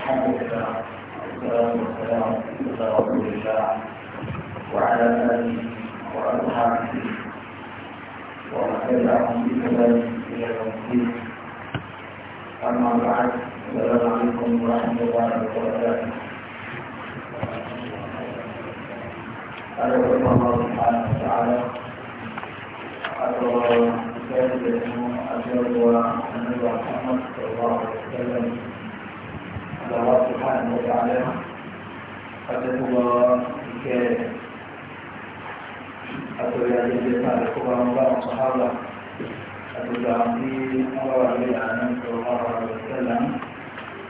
الحمد لله والسلام والسلام على رسول الله وعلى آله وأصحابه ومن تبعهم بسبب إلى يوم الدين أما بعد السلام عليكم ورحمة الله وبركاته أدعو الله سبحانه وتعالى أدعو الله سيدنا أجر وأنبي محمد صلى الله عليه وسلم الله سبحانه وتعالى حدث الله بكاره أتوا يا جيد ما لكبر مبارك أتوا العظيم أمر صلى الله عليه وسلم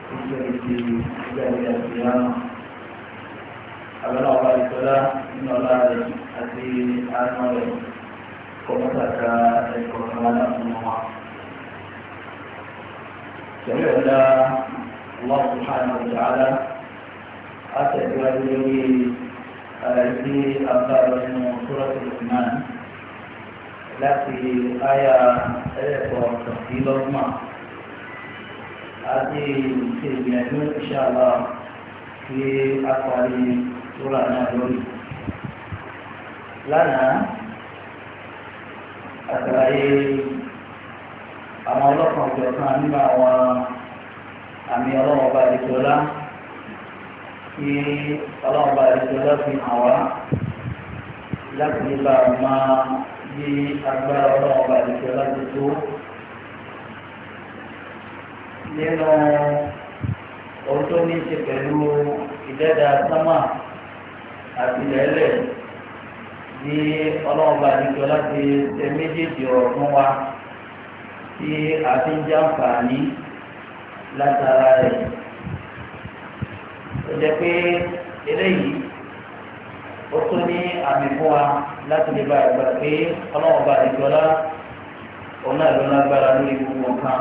كنت في ذلك القيامة أبلغ الله السلام إن الله عزيز عالم عليه ومسك القرآن الله جميع الله الله سبحانه وتعالى أسأل ولي في أبار من سورة الإيمان láti àyà ẹ̀rẹ̀kọ́ ìlọ́gbọ̀n àti ìgbìyànjú ìṣàlá kí a parí sóra náà lórí. lánàá àtàlàyé àwọn ọlọ́kan ọ̀jọ̀kan nínú àwọn àmì ọlọ́run ọba àdìsọ́lá tí ọlọ́run ọba àdìsọ́lá fi hàn wá láti lè bá máa bí agbára ọlọ́run ọba àdìsọ́lá ti tó nínú ohun tó ní ṣe pẹ̀lú ìdẹ́dà sámà àti lẹ́lẹ̀ ní ọlọ́run bá nìkan láti tẹ méjèèjì ọ̀rọ̀ fún wa tí a fi ń jàǹfààní látara rẹ̀ ó jẹ́ pé eléyìí ó tún ní àmì fún wa láti lè ba ìgbà pé ọlọ́run ba ìjọlá òun náà ló lágbára lórí gbogbo nǹkan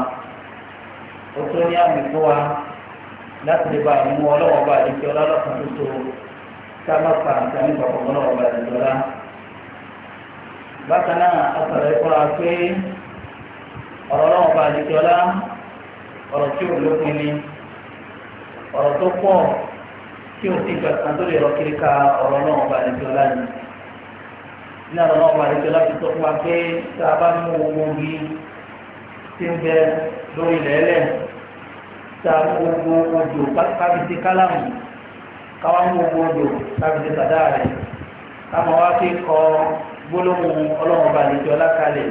ó tún ní àmì fún wa láti lè ba ìmú ọlọ́run ba ìjọlá lọ́kàn tó so ká má pa nǹkan nípa ọlọ́run ba ìjọlá bákan náà ọ̀sọ̀rọ̀ ẹ̀kọ́ ra pé ọ̀rọ̀ ọlọ́run ba ìjọlá ọ̀rọ̀ tí ò lópin ni ọ̀rọ̀ tó pọ̀ tí ò sí kankan tó lè rọ kiri ka ọ̀rọ̀ náà ọba àdìjọ́ láàyè ní àwọn ọba àdìjọ́ láti sọ fún wa pé tá a bá mú owó yìí tí ń bẹ lórí lẹ́lẹ̀ tá a mú owó odò kábíyèsí kálàmù káwá mú owó odò kábíyèsí sàdáà rẹ̀ wá fi kọ gbólóhùn ọlọ́run ọba àdìjọ́ lákàlẹ̀.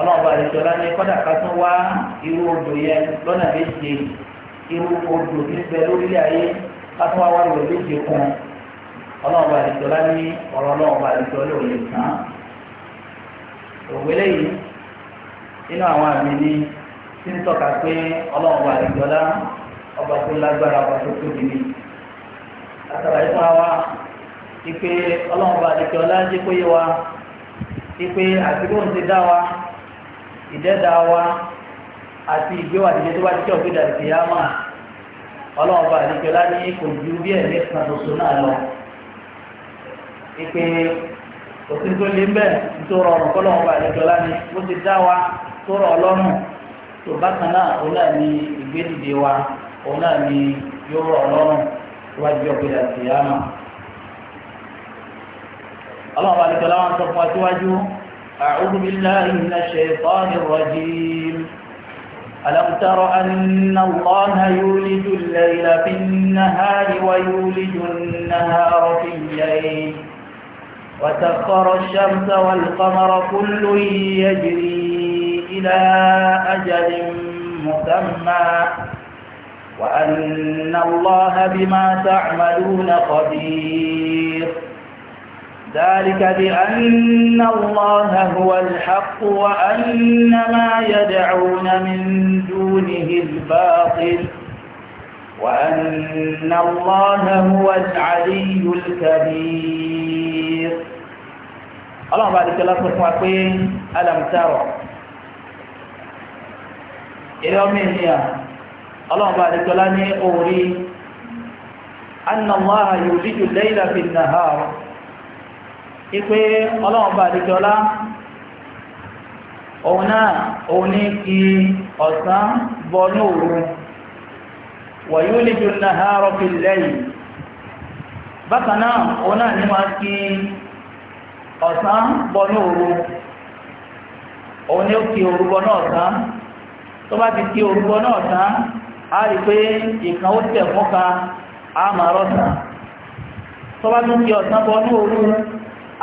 ọlọ́ọ̀bà àdìsọ́lá ní kọ́dà ká tún wá irú odò yẹn lọ́nà méje irú odò tí lórílẹ̀ ayé ká tún wá wá ìwé méje kún ọlọ́ọ̀bà àdìsọ́lá ní ọ̀rọ̀ àdìsọ́lá tán. òwélé yìí nínú àwọn àmì ni tí ń tọ́ka pé àdìsọ́lá ọba tó lágbára ọba tó wa àdìsọ́lá jẹ́ wa. ìdẹ́dà wa àti ìgbéwàdìjẹ tó bá ti jẹ́ òkúta ìfìyàmà ọlọ́run bá àdìjọlá ní kò ju bí ẹ̀mí kan ṣoṣo náà lọ ìpè òsín tó lé mbẹ́ tó rọrùn kọ́lọ́run bá àdìjọlá ní bó ti dá wa tó rọ ọlọ́run tó bákan náà òun náà ní ìgbédìde wa òun náà ní yóò rọ ọlọ́run tó bá jẹ́ òkúta ìfìyàmà ọlọ́run bá àdìjọlá wọn sọ fún wa síwájú. أعوذ بالله من الشيطان الرجيم ألم تر أن الله يولج الليل في النهار ويولج النهار في الليل وسخر الشمس والقمر كل يجري إلى أجل مسمى وأن الله بما تعملون خبير ذلك بأن الله هو الحق وأن ما يدعون من دونه الباطل وأن الله هو العلي الكبير الله بارك الله فيك وقين ألم ترى إلى من هي الله بارك الله أوري أن الله يولد الليل في النهار ipe ọlọ́run bá òun náà òun ní kí ọ̀sán bọnú òru wọ̀nyí lè ju lẹ́yìn bákan òun náà ní máa kí ọ̀sán bọnú òru òun ní kí tó bá ti kí tán a rí pé ka máa tó bá tún kí ọ̀sán òru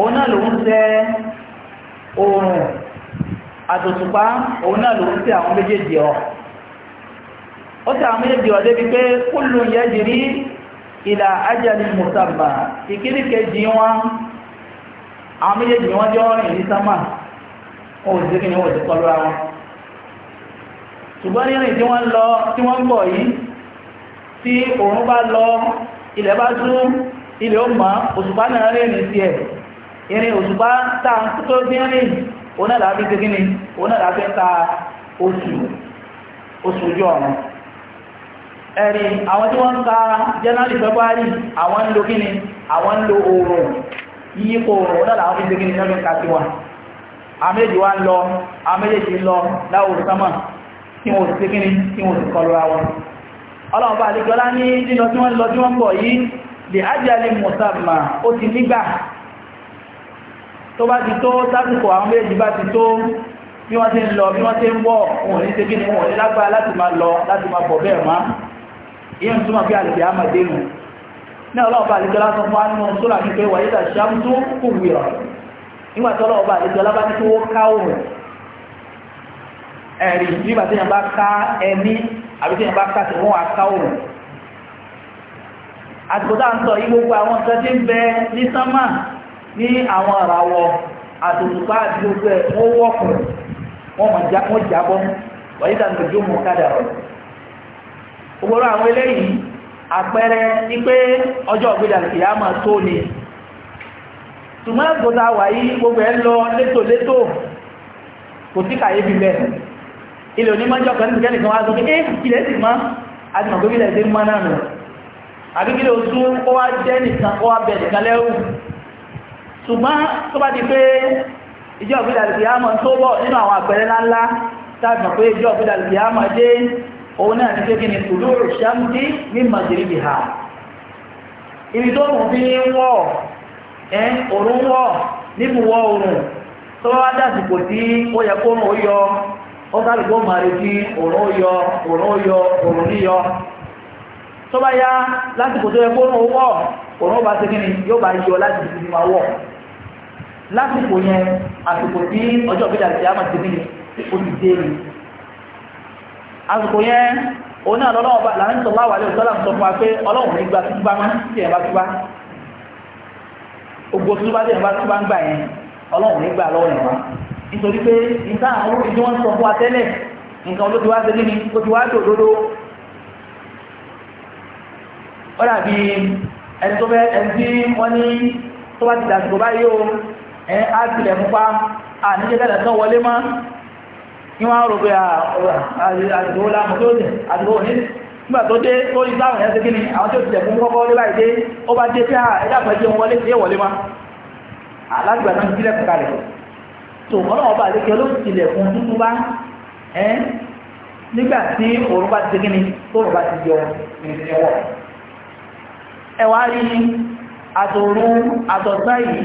òun náà ló ń tẹ́ oòrùn àtòtùpá òun náà ló ń tẹ́ àwọn méjèèjì ọ̀ ó tẹ́ àwọn méjèèjì ọ̀ débi pé kúlù yẹ́ di rí ìlà ajali mùsàmbà ìkíní kejì wọn àwọn méjèèjì wọn jọ rìn ní sámà wọn ò kí ni wọn ò sí kọlu ara wọn ṣùgbọ́n nírìn tí wọ́n lọ tí wọ́n bọ̀ yìí tí òun bá lọ ní irin òṣùpá tá à ń tó bí rìn òun náà láti ṣe kíni òun náà láti ta oṣù oṣù ojú ọ̀run ẹ̀rí àwọn tí wọ́n ń ta january february àwọn ń lo kíni àwọn ń lo oòrùn yíyípo oòrùn òun náà láti ṣe kíni lọ́dún ká sí wa àméjì wá ń lọ àméjì ń lọ láwòrán sámà tí wọ́n sì kíni tí wọ́n sì kọlu àwọn ọlọ́run àlejò ọlá ní lílọ tí wọ́n lọ tí wọ́n pọ̀ yìí lè ájẹ́ alẹ́ mọ̀sáàmà tó bá ti tó sásìkò àwọn méjì bá ti tó bí wọ́n ti ń lọ bí wọ́n ti ń bọ̀ òun ní ṣebí ni òun ní lágbára láti máa lọ láti máa bọ̀ bẹ́ẹ̀ máa ìyẹn túnmọ̀ bí alìbẹ̀ á máa dénú ní ọlọ́ọ̀bá àlejò lásán fún ánú tó là ní pé wà yíta ṣáàmù tó kù wìrọ̀ nígbà tó ọlọ́ọ̀bá àlejò lábá ní tó ká òun ẹ̀rì nígbà tí yẹn bá ká ẹni àbí tí yẹn bá ká sí wọn wà ká òun àtìkò tá à ń sọ yí gbogbo àwọn nǹkan tí ń bẹ ní sánmà ní àwọn àràwọ̀ àtòtùpá àti gbogbo ẹ̀ wọ́n wọ́pọ̀ wọ́n mọ̀ já jábọ́ mọ̀ kádà rọ̀ gbogbo àwọn eléyìí àpẹẹrẹ ní pé ọjọ́ ìgbéjà kìyà máa tó ni ṣùgbọ́n àgbòta wà yìí gbogbo ẹ̀ lọ létòlétò kò sí bẹ́ẹ̀ ilẹ̀ onímọ̀jọ́ kan ní kẹ́nìkan wá sọ pé eh ilẹ̀ sì mọ́ àti ṣùgbọ́n tó bá di pé ìjọ òbí dàbí àmọ́ tó bọ̀ nínú àwọn àpẹẹrẹ ńláńlá tàbí pé ìjọ òbí dàbí àmọ́ dé òun náà ní pé kí ni tùlú ṣáàmùdí ní màjèlébì ha ibi tó rùn bí wọ̀ ẹ́ òrùn wọ̀ níbùwọ̀ òrùn tó bá wá dàsìkò tí ó yẹ kó òrùn ó yọ ó sálùgbó máa retí òrùn tó bá yá lásìkò ó bá ṣe yóò bá yọ láti ìsinmi máa lásìkò yẹn àsìkò tí ọjọ́ ìgbéjà ti àmà ti bíi ti dé àsìkò yẹn òun náà lọ́wọ́ bá làwọn wà lẹ́yìn sọ́lá sọ fún tí bá tí bá ń gbà yẹn ọlọ́run lọ́wọ́ yẹn wá nítorí pé nǹkan àwọn ìdí wọn sọ fún nǹkan ti wá sẹ́ni ó ti wá dòdòdó ó dàbí ẹni tó fẹ́ ẹ á tilẹ̀ mú pa àníjẹ́ tẹ́lẹ̀ tán wọlé mọ́ níwọ̀n rò pé àdìgbò lámù tó dẹ̀ àdìgbò ní nígbà tó dé tó rí táwọn èèyàn ṣe kí ni àwọn tó tilẹ̀ fún kọ́kọ́ lébà ìdé ó bá dé pé ẹ̀dá pẹ̀lú ẹjẹ́ wọn wọlé sí ìwọlé mọ́ alágbà náà sílẹ̀ fún kalẹ̀ tó ọlọ́wọ́ bá àdékẹ́ ló tilẹ̀ fún tuntun bá ẹ́ nígbà tí òun bá ti ṣe kí ni tó rò bá ti yọ ìrìnṣẹ́ wọ̀ ẹ̀wà rí àtòrún àtọ̀sán yìí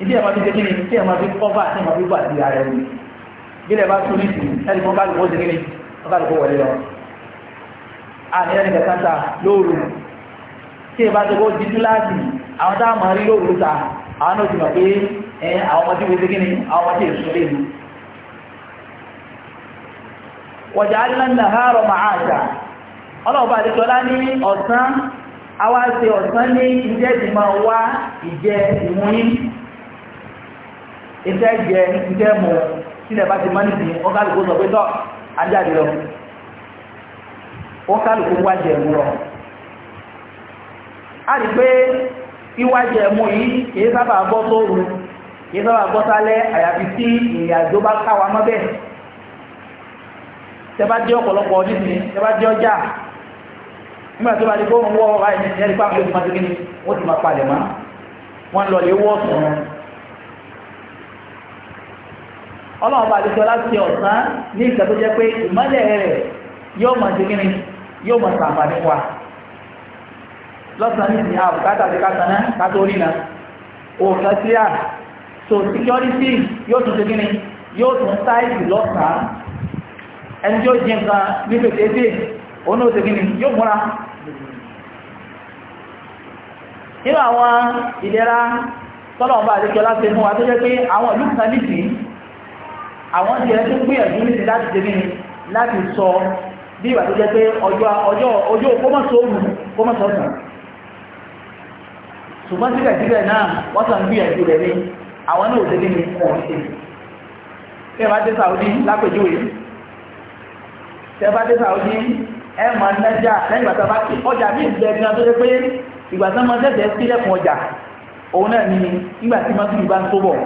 ilé ẹ̀ máa fi kékeré tí ẹ̀ máa fi kọ́fà tí ẹ̀ máa fi gbà sí ara ẹni ilé ẹ̀ bá tún nìsí ẹni kan kálukú ó ti kékeré wọn kálukú wọlé lọ. àní ẹni kẹta ta lóòrù tí ẹ bá tó kó di túláàsì àwọn tá a máa rí lóòrù ta àwọn náà ti mọ̀ pé ẹ àwọn ọmọdé wo ti kékeré àwọn ọmọdé èso iṣẹ́ jẹ iṣẹ́ mu sílẹ̀ bá ti máa nìdí wọn kálukú sọ pé tọ́ ajáde lọ wọn kálukú wá jẹ mu lọ. a rí pé ìwá jẹ mu yìí kì í sábà bọ́ sóru kì í sábà bọ́ sálẹ̀ àyàfi tí ìrìnàjò bá káwa mọ́ bẹ́ẹ̀ tẹ́ bá jẹ́ ọ̀pọ̀lọpọ̀ ọdún sí tẹ́ bá jẹ́ ọjà nígbà tó bá di kó ń wọ́ ọ̀rá ẹni ẹni pàápàá ìfúnmáṣe kí ni wọ́n ti máa ọlọ́run bá àdìsọ láti ọ̀sán ní ìgbà tó jẹ́ pé ìmọ́lẹ̀ rẹ̀ yóò mọ̀ sí kíni yóò mọ̀ sàǹfààní wa lọ́sàn-án ní ìsìn àbùkátà àti kátó rína òòkan so security yóò tún sí kíni yóò tún sáìtì lọ́sàn ẹni tí ó jẹ nǹkan ní àwọn ti rẹ̀ tó gbìyànjú ní ti láti tèmi ni láti sọ bí ìwà tó jẹ́ pé ọjọ́ ọjọ́ kọ́mọ̀sọ́ọ̀mù kọ́mọ̀sọ́ọ̀sán ṣùgbọ́n síbẹ̀síbẹ̀ náà wọ́n sàn gbìyànjú rẹ̀ ní àwọn náà òṣèlú ní ọ̀hún ṣe bí ẹ bá dé Saudi lápèjúwe tẹ bá dé Saudi ẹ máa nájà lẹ́yìn ìgbà tó bá kí ọjà ní ìgbẹ́ gan tó jẹ́ pé ìgbà tó máa tẹ̀sẹ̀ sílẹ̀kùn ọjà òun náà ní ìgbà tí mọ́tò ìgbà ń tó bọ̀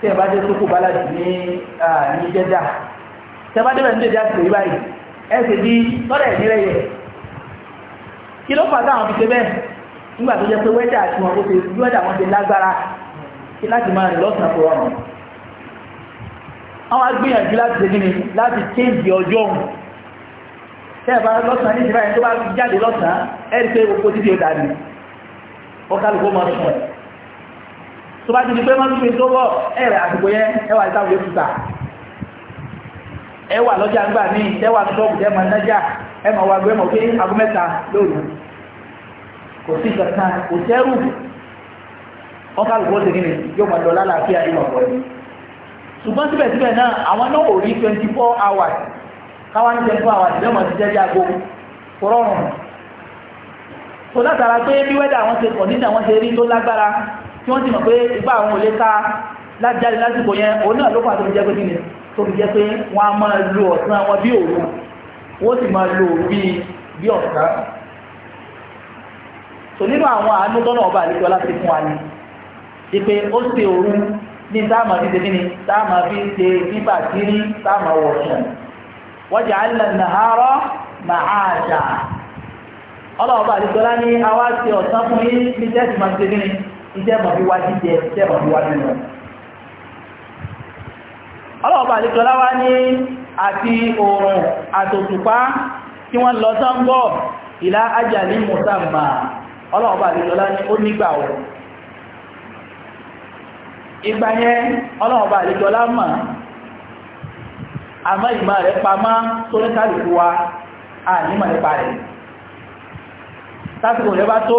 tẹ́ ẹ bá dé sókò balaji ní ní jẹ́dá tẹ́ ẹ bá débẹ̀ ní jẹ́dá sí èyí báyìí ẹ sì di lọ́dẹ̀ ìnírẹ̀ yẹ kí ló fà táwọn fi ṣe bẹ́ẹ̀ nígbà tó jẹ́ pé wẹ́dà tí wọn kó ṣe bí wẹ́dà wọn ṣe lágbára kí láti máa rìn lọ́sàn-án kó rọrùn àwọn agbìyànjú láti ṣe gíní láti kéèjì ọjọ́ ohun tẹ́ ẹ bá lọ́sàn-án ní ìṣẹ́fà ẹni tó bá jáde lọ́sàn-án ẹ̀rí pé gbogbo títí ó dàbí ọkàlùkọ́ máa sùn tó bá ti di pé wọ́n ti fi tó bọ̀ ẹ̀rẹ̀ àsìkò yẹn ẹwà ìtàwé yóò tuta ẹwà lọ́jà ń gbà ní ẹwà ṣọ́ọ̀bù ẹmọ nájà ẹmọ wa gbé mọ̀ pé aago mẹ́ta lóru kò sí kankan kò sẹ́rù wọ́n kálukú ó ti kí ni yóò máa lọ lálàáfíà ìmọ̀ ọ̀pọ̀ yìí ṣùgbọ́n síbẹ̀síbẹ̀ náà àwọn náà ò rí twenty four hours káwá ní twenty four hours lọ́mọ ti jẹ́ jágo kò rọrùn kò látara pé bí wẹ́dà wọn ṣe kọ̀ nígbà wọn ṣe rí tó lágbára tí wọ́n ti mọ̀ pé igbá àwọn olè ká lájáde lásìkò yẹn o náà ló pàtó jẹ́ pé kí ni tó fi jẹ́ pé wọ́n á máa lo ọ̀sán wọn bí òru wọ́n sì máa lo òru bí ọ̀sán tò nínú àwọn àánú tọ́nà ọba àlejò aláṣẹ fún wa ni pé ó òru ní táàmà táàmà fi ṣe nígbà tí ní táàmà wọ̀ wọ́n nàárọ̀ àlejò alá iṣẹ́ mọ̀ fi wá jíjẹ iṣẹ́ mọ̀ fi wá nínú ọlọ́ọ̀bà àlejọ́lá wá ní àti oòrùn àtòtùpá tí wọ́n lọ sọ́ńgọ́ ìlà ajalin musamma ọlọ́ọ̀bà àlejọ́lá ní ó nígbà ọ̀ ìgbà yẹn ọlọ́ọ̀bà àlejọ́lá mọ̀ àmọ́ ìmọ̀ rẹ̀ pamọ́ tó ní kálùkù wa ànímọ̀ nípa rẹ̀ tásìkò rẹ̀ bá tó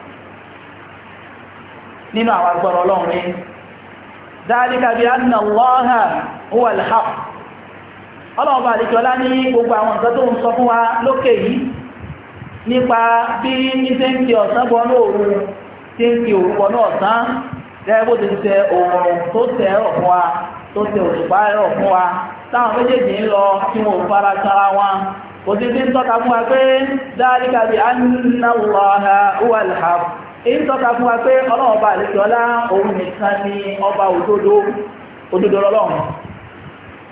nínú àwọn agbọ́rọ̀ ọlọ́run rí dáadíka bí anna Allaha huwa al-haq ọlọ́run bá àdíkẹ́ ọlá ní gbogbo àwọn nǹkan tó ń sọ fún wa lókè yìí nípa bí níṣẹ́ ń fi ọ̀sán bọ́ òru tí ń fi òru ọ̀sán ti tẹ òòrùn tó tẹ ẹ̀rọ fún wa tó tẹ òṣùpá ẹ̀rọ fún wa táwọn méjèèjì ń lọ wọn ò èyí tọ́ka fún wa pé ọlọ́run ọba àlejò ọlá òun nìkan ni ọba òdodo òdodo ọlọ́run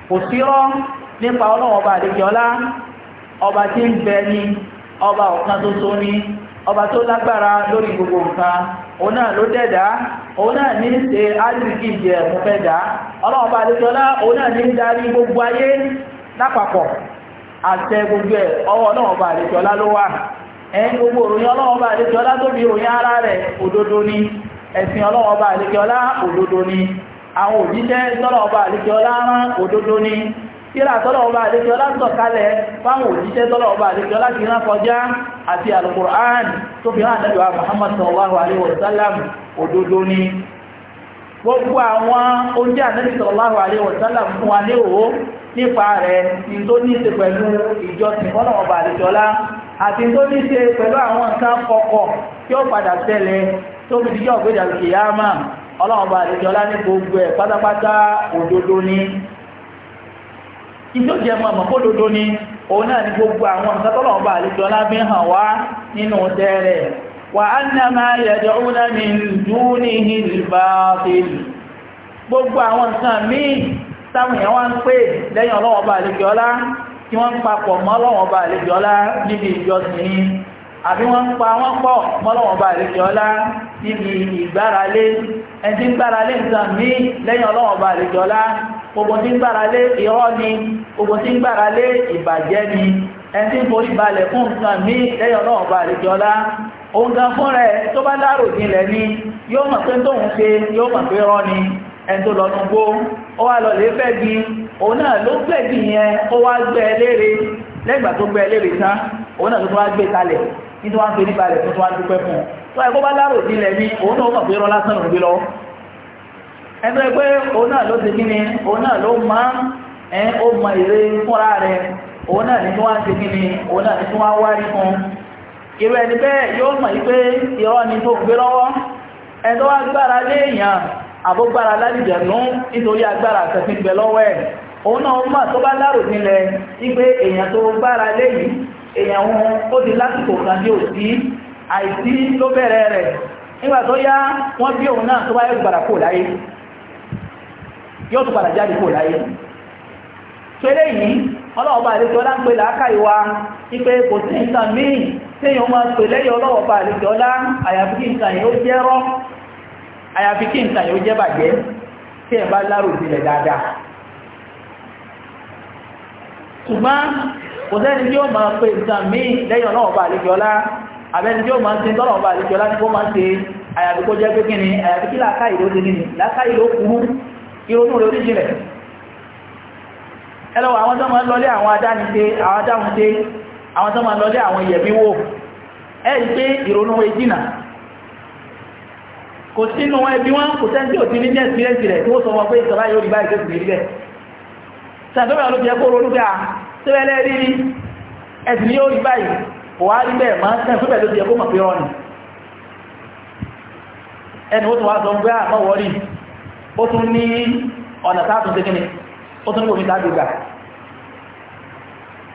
kò sí ọba àlejò ọba tí ń bẹ ni ọba ọ̀kan ni ọba tó lágbára lórí gbogbo nǹkan òun náà ló dẹ̀dá òun náà ní ṣe áìsìkì ìjẹ ẹ̀kún fẹ́ dá ẹ̀yìn gbogbo òròyìn ọlọ́wọ́ bá àlejò ọlá tó bí òyìn ara rẹ̀ òdodo ni ẹ̀sìn ọlọ́wọ́ bá àlejò ọlá òdodo ni àwọn òjíṣẹ́ tọ́lọ́wọ́ bá àlejò ọlá rán òdodo ni tíra tọ́lọ́wọ́ bá àlejò ọlá sọ̀kalẹ̀ fáwọn òjíṣẹ́ tọ́lọ́wọ́ muhammad sallallahu alaihi wasallam òdodo ni gbogbo àwọn oúnjẹ ànẹ́bí sallallahu alaihi wasallam fún wa àti tó ní ṣe pẹ̀lú àwọn nǹkan kọ̀kọ̀ tí ó padà tẹ̀lẹ̀ tó fi díjọ́ ògbéjà lókè yá máa gbogbo ẹ̀ pátápátá òdodo ni ìjọ jẹ kódodo ni òun náà ní gbogbo àwọn nǹkan tọ́lọ́run bá hàn wá nínú tẹ́rẹ̀ wà á gbogbo àwọn nǹkan míì táwọn bá tí wọ́n ń papọ̀ mọ́lọ́wọ́n bá àlejò ọlá níbi ìjọsìn àbí wọ́n pa wọ́n pọ̀ mọ́lọ́wọ́n bá àlejò ọlá níbi ìgbáralé ẹni tí ń gbáralé lẹ́yìn ọlọ́wọ́n bá àlejò ọlá gbogbo tí ń irọ́ ni gbogbo tí ń ìbàjẹ́ ni ẹni tí ń forí balẹ̀ fún nǹkan míì lẹ́yìn ọlọ́wọ́n bá àlejò ọlá òun gan fún rẹ̀ tó bá dárò jinlẹ̀ ni yóò mọ̀ pé tóun ṣe yóò mọ̀ pé rọ́ ni ẹni tó lọ nù gbó ó wá lọ lè fẹ́ gbin òun náà ló fẹ́ gbin yẹn ó wá gbẹ́ léèrè lẹ́gbàá tó gbẹ́ léèrè tán òun náà tó tó wá gbé e kalẹ̀ ní tó wá ń pè nípa rẹ̀ tó tó wá ń dúpẹ́ fún un tó ẹ̀kọ́ bá lárò nílẹ̀ ní òun náà mọ̀ pé rọ lásán òun gbé lọ ẹgbẹ́ òun náà ló ti kíni òun náà ló máa ẹ̀ ó mọ èrè fúnra rẹ̀ òun náà ní tó wá ń ti kíni òun náà ní tó wá ni tó wá gbára léèyàn abụ lálìjẹ̀nú nítorí agbára àtẹ̀fí ń bẹ lọ́wọ́ òun náà mọ̀ tó bá lárò nílẹ̀ wípé èèyàn tó gbára léyìí èèyàn ohun ó di lásìkò kan tí ò sí àìsí ló bẹ̀rẹ̀ rẹ̀ nígbà tó yá wọ́n bí òun náà tó bá yóò kò láyé yóò tó padà jáde kò láyé yìí àlejò ọlá ń pè wípé kò sí nǹkan míì máa pè lẹ́yìn àlejò ọlá àyàfi kí nǹkan yìí àyàfi kí nǹkan yóò jẹ́ bàjẹ́ tí ẹ̀ bá lárò ìpìlẹ̀ dáadáa ṣùgbọ́n kò sẹ́ni tí ó máa pe nǹkan míì lẹ́yìn ọlọ́wọ́ bá àlejò ọlá àbẹ́ni tí ó máa ń ṣe tọ́lọ̀ ọba àlejò ọlá tí kó máa ń ṣe àyàfi kó jẹ́ pé kí ni àyàfi kí làákàyè ló ti nínú làákàyè ló kúrú ìrònú rẹ̀ oríṣìílẹ̀ ẹlọ́wọ́ àwọn tó máa ń lọlé àwọn adániṣe àwọn adáhunṣe àwọn tó máa ń lọlé àwọn ìyẹ̀míwò ẹ̀rí pé ìrònú ìdínà kò sínú ẹbí wọn kò sẹ́ńtì ò ti ní jẹ́ experience rẹ̀ tí wọ́n sọ wọn pé ìsọ̀rọ̀ yóò rí báyìí tó sì rí bẹ́ẹ̀ sàtọ́rọ̀ ló fi ẹkọ́ ronú pé à tẹ́lẹ̀ rí rí ẹ̀sìn yóò rí báyìí kò wá rí bẹ́ẹ̀ máa sẹ́ńtì pẹ̀lú ó tún wá sọ pé ah, àmọ́ ni ó tún ní omi táàtún gbà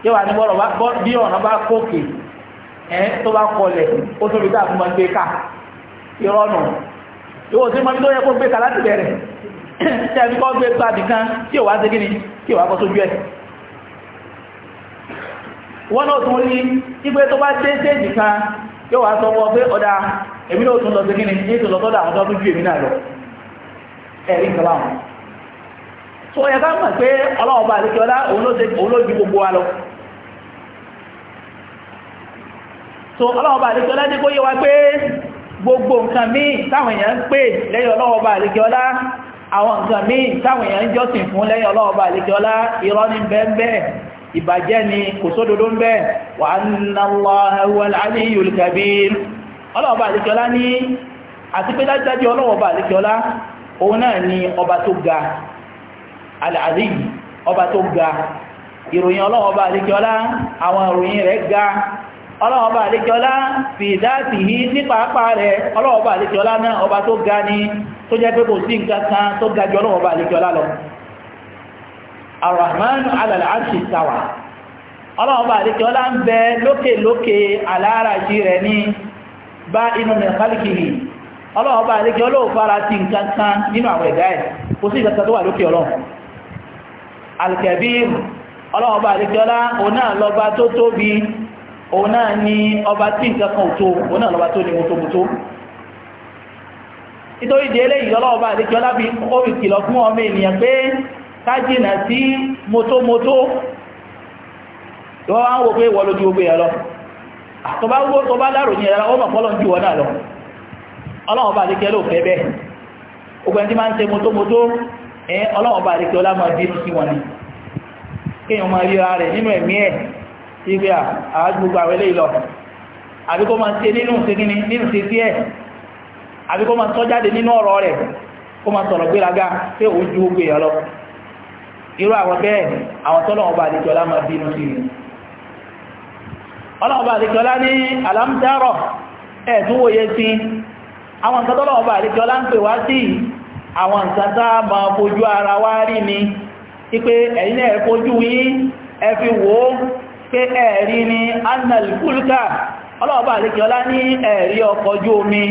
yóò wá ní bọ́ọ̀rọ̀ bí ọ̀nà bá kókè ẹ̀ tó bá kọlẹ̀ ó tún rí táàtún ìwọ̀n tí mọ́bí tó yẹ kó gbé kà láti bẹ̀rẹ̀ tí a fi kọ́ gbé gbàbì kan tí ò wá sí gíní tí ò wá kọ́ sójú ẹ̀ wọ́n náà tún rí ipé tó bá dé séèjì kan yóò wá sọ wọ́n pé èmi náà tún lọ sí gíní ní àwọn ju èmi náà lọ so bá gbogbo nǹkan míì táwọn èèyàn ń pè lẹ́yìn ọlọ́wọ́ bá àlejò ọlá àwọn nǹkan míì táwọn èèyàn ń jọ́sìn fún lẹ́yìn ọlọ́wọ́ bá àlejò ọlá irọ́ ní bẹ́ẹ̀ ìbàjẹ́ ni kò sódodo ń bẹ́ wa anna Allaha huwal aliyyul kabir ìròyìn ọlọ́wọ́ bá àwọn ìròyìn rẹ̀ ga ọlọ́ọ̀bá àlékiọlá fi ìdáàtì yìí ní pàápàá rẹ̀ ọlọ́ọ̀bá àlékiọlá náà ọba tó ga ní tó jẹ́ pé kò sí nǹkan kan tó ga jù ọlọ́ọ̀bá àlékiọlá lọ arahmanu alal'arshi tawa ọlọ́ọ̀bá àlékiọlá ń bẹ lókè lókè alárajì rẹ̀ ní bá inú mẹ́kálìkìrì ọlọ́ọ̀bá àlékiọlá ò fara sí nǹkan kan nínú àwọn ẹ̀dá ẹ̀ kò sí ìgbàkan òun náà ni ọba tí nǹkan kan ò tó òun náà lọ́ba tó ní mọ́tòmọ́tò nítorí ìdí eléyìí ọlọ́ọ̀bá àdéjọ́ lábí orí kìlọ̀ fún ọmọ ènìyàn pé kájìnà sí mọ́tòmọ́tò wọ́n wá ń pé wọ́n lójú gbogbo yẹn lọ tó bá máa ìgbé àwọn gbogbo àwọn ilé ìlọ àbí kó máa ṣe nínú ṣegíní nínú ṣe sí ẹ̀ àbí kó máa sọ jáde nínú ọ̀rọ̀ rẹ̀ kó máa sọ̀rọ̀ gbéraga pé ó ju gbogbo èèyàn lọ irú àwọn bẹ́ẹ̀ àwọn tọ́lọ̀wọ̀n bá àdìjọ́lá máa bínú sí i ọlọ́wọ̀n bá àdìjọ́lá ní alámdárọ̀ ẹ̀tún wòye sí àwọn nǹkan tọ́lọ̀wọ̀n bá àdìjọ́lá ń pè wá sí àwọn nǹkan tá máa fojú ara wá rí ni wípé ẹ̀yin náà fojú yín ẹ fi wò pé ẹ̀rí ni annal fulka ọlọ́ọ̀bá àríkẹ́ọlá ní ẹ̀rí ọkọ̀ ojú omi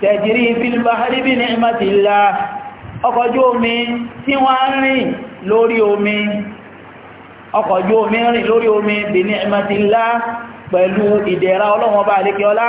tẹ̀jìrí fílbà haribi ní ìmọ̀tìlá ọkọ̀ ojú omi tí wọ́n rìn lórí omi ọkọ̀ ojú omi rìn lórí omi bí ní ìmọ̀tìlá pẹ̀lú ìdẹ̀ra ọlọ́ọ̀bá àríkẹ́ọlá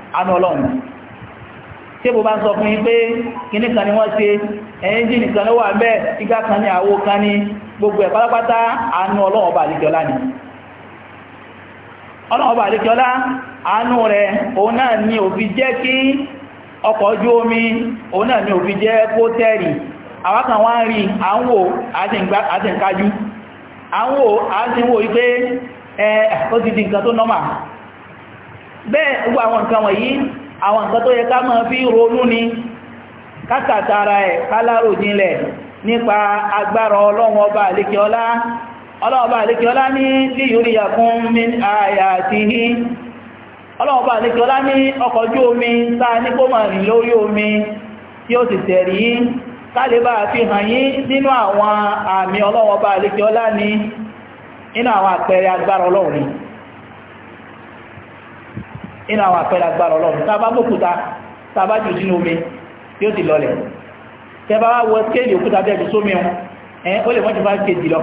anú ọlọ́run tí mo bá sọ fún yín pé kan ni wọ́n ṣe ẹ́ńjìnì nìkan ló wà bẹ́ẹ̀ igá kan ní kan ní gbogbo ẹ̀ pátápátá anú ọlọ́run ọba ni rẹ̀ náà ni jẹ́ kí ọkọ̀ omi àwọn kan wá ń rí àti ìkájú bẹ́ẹ̀ gbogbo àwọn nǹkan wọ̀nyí àwọn nǹkan tó yẹ ká máa fi ronú ni kásàtara ẹ̀ kálárò jinlẹ̀ nípa agbára ọlọ́run ọba àlékiọlá ọlọ́run ọba ní inú àwọn àpẹẹrẹ agbára ọlọ́run nínú àwọn àpẹẹrẹ agbára ọlọ́run tá a bá gbókúta tá a bá jù sínú omi yóò ti lọlẹ̀ tẹ bá wọ skéèlì òkúta bẹ́ẹ̀ sómi wọn ẹ ó lè wọ́n bá kéèjì lọ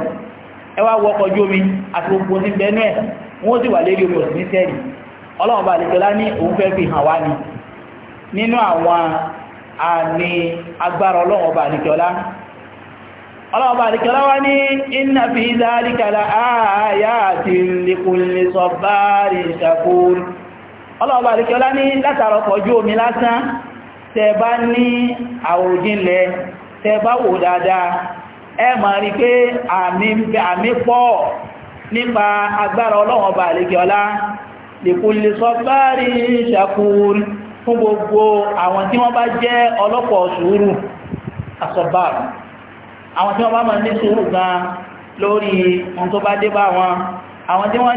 ẹ wọ ọkọ̀ omi àti gbogbo ní bẹ́ẹ̀nú ẹ̀ wọ́n sì wà lérí omi òsì ọlọ́run ọlọ́ọ̀bá àríkẹ́ọlá ní látàrọ ọkọ̀jú omi lásán tẹ bá ní àwòjínlẹ̀ tẹ bá wò dáadáa ẹ máa rí pé àmì pọ̀ nípa agbára ọlọ́ọ̀bá àríkẹ́ọlá lèkúlè sọ́bárì ṣàkúr fún gbogbo àwọn tí wọ́n bá jẹ́ ọlọ́pọ̀ sùúrù asọ́bár àwọn tí wọ́n bá máa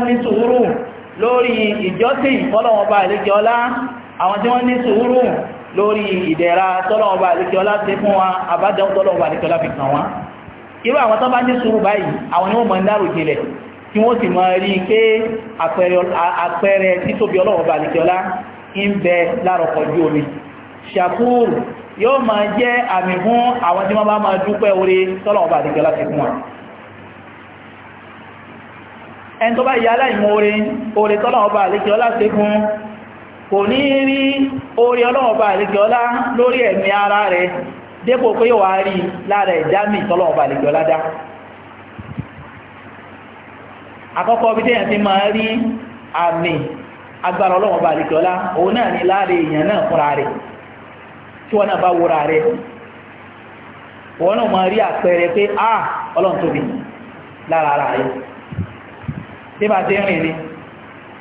ní sùúrù lórí ìjọsìn fọ́lọ́wọ́ba àlékẹ́ ọlá àwọn tí wọ́n ní sùúrù lórí ìdẹ̀ra tọ́lọ́wọ́ba àlékẹ́ ọlá ti fún wa àbájọ́ tọ́lọ́wọ́ba àlékẹ́ ọlá fi kàn wá irú àwọn tó bá ní sùúrù báyìí àwọn ni wọ́n mọ̀ ń dárò jinlẹ̀ tí wọ́n sì mọ̀ rí pé àpẹẹrẹ títóbi ọlọ́wọ́ba àlékẹ́ ọlá ń bẹ lárọ̀kọ̀ ju omi ṣàkúrù yóò máa jẹ́ àmì fún àwọn tí wọ́n bá máa dúpẹ́ orí tọ́lọ́wọ́ba àlékẹ́ ọlá ti fún wa ẹni tó bá yà aláìmọ̀ oore oore tọ́lọ̀ọba àlékẹ́ ọlá sékún kò ní rí oore ọlọ́ọba àlékẹ́ ọlá lórí ẹ̀mí ara rẹ̀ dépò pé wà rí lára ìdámì tọ́lọ̀ọba àlékẹ́ ọlá dá àkọ́kọ́ bí tẹ́yàn ti máa rí àmì agbára ọlọ́ọba àlékẹ́ ọlá òun náà ni lára èèyàn náà fúnra rẹ̀ tí wọ́n náà bá wúra rẹ̀ wọ́n náà máa rí àpẹẹrẹ pé ah ọlọ́run tóbi lára ara rẹ̀ tí bá ti rìn ní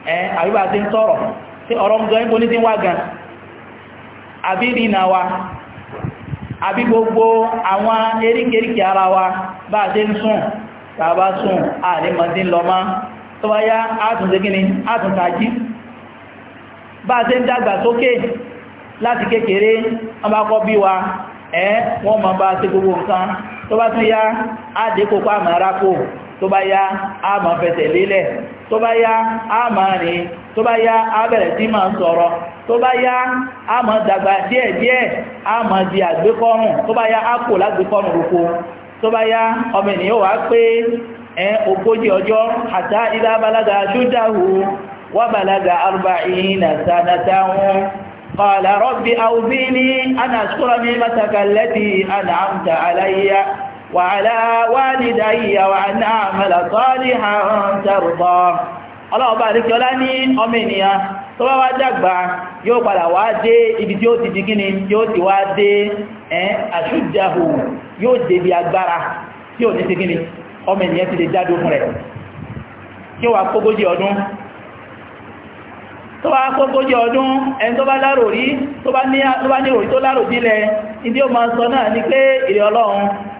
ẹ́ ti ń sọ̀rọ̀ tí ọ̀rọ̀ ń jọ ń boní tí wá wa àbí gbogbo àwọn eríkèríkè ara wa bá ti ń sùn tàbá sùn àrímọ̀dín lọ́mọ́ tó bá yá átùnségíní átùntají bá ti ń dàgbà sókè láti kékeré wọ́n bá bí wa wọ́n mọ̀ bá ti gbogbo nǹkan tó bá tún yá tó bá yá a máa fẹsẹ̀ lélẹ̀ tó bá yá a máa rìn tó bá yá a bẹ̀rẹ̀ sí máa sọ̀rọ̀ tó bá yá a máa dàgbà díẹ̀díẹ̀ a máa di àgbékọ́rùn tó bá yá a kò lágbékọ́rùn roko tó bá yá ọmọ ènìyàn wá pé ẹ ogójì ọjọ́ àtà ilá balaga ṣúdáhù wà balaga arba'ina sanatahun qala rabbi awzini an ashkura ni'mataka allati an'amta وعلى والدي وأن أعمل صالحا ترضاه ọlọ́wọ́ bá rí kí ọlá ní ọmọ ènìyàn tó bá wá dàgbà yóò padà wá dé ibi tí ó ti di gíní yóò ti wá dé ẹ́ àṣújáhù yóò dé bí agbára tí ò ní ti gíní ọmọ ènìyàn ti lè jáde fún rẹ̀ kí wà kógójì ọdún tó bá kógójì ọdún ẹni tó bá lárò rí tó bá ní òrí tó lárò jílẹ̀ ìdí ó máa sọ náà ní pé ìrẹ̀ ọlọ́run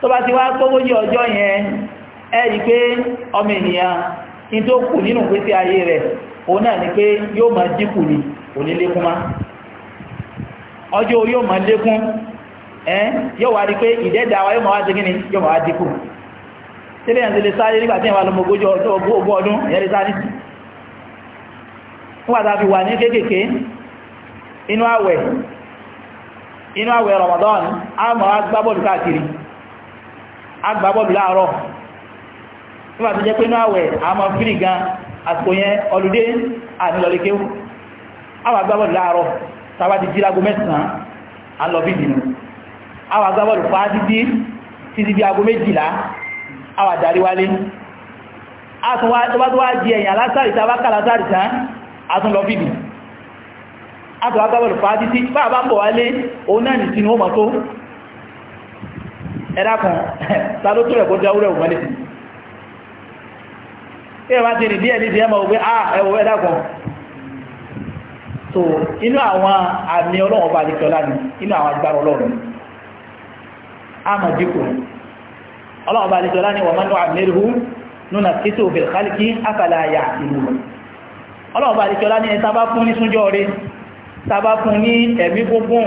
tó bá ti wá gbogbo yí ọjọ́ yẹn ẹ̀rí pé ọmọ ènìyàn ní tó kù nínú pèsè ayé rẹ̀ òun náà ni pé yóò máa dínkù ní onílékún má ọjọ́ yóò máa lékún yóò wá rí pé ìdẹ́dà wa yóò máa wá dínkù ní yóò Ramadan a agbábọ́ọ̀lù láàárọ̀ nígbà tó jẹ́ pé náà wẹ̀ àmọ́ fírì gan àsìkò yẹn ọlùdé ànílọ́lékéwù àwọn agbábọ́ọ̀lù láàárọ̀ tàbá ti jí lágo mẹ́sàn-án àlọ́bí dìnnà àwọn agbábọ́ọ̀lù pa títí títí bí ago méjìlá àwọn àdarí wálé àtúnwá tó wá di ẹ̀yìn alásàrì tàbá kàlásàrì tán àtúnlọ́bí dìnnà àtúnwá agbábọ́ọ̀lù pa títí bá àbá ń bọ̀ wálé òun náà nì ẹ̀dàkùn ta ló tó rẹ̀ kó jáwúrẹ̀ òun mẹ́lẹ̀ tí ẹ bá ti rìn díẹ̀ ní ti ẹ máa wọ pé so inú àwọn àmì ọlọ́run bá àdìkẹ́ ọlá ni inú àwọn agbára ọlọ́run àmọ̀ dípò ọlọ́run bá àdìkẹ́ ọlá ni wọ́n mọ́nú àmìlẹ́rù bá fún ní súnjọ́ rẹ̀ sábá fún ní ẹ̀mí gbógbóhùn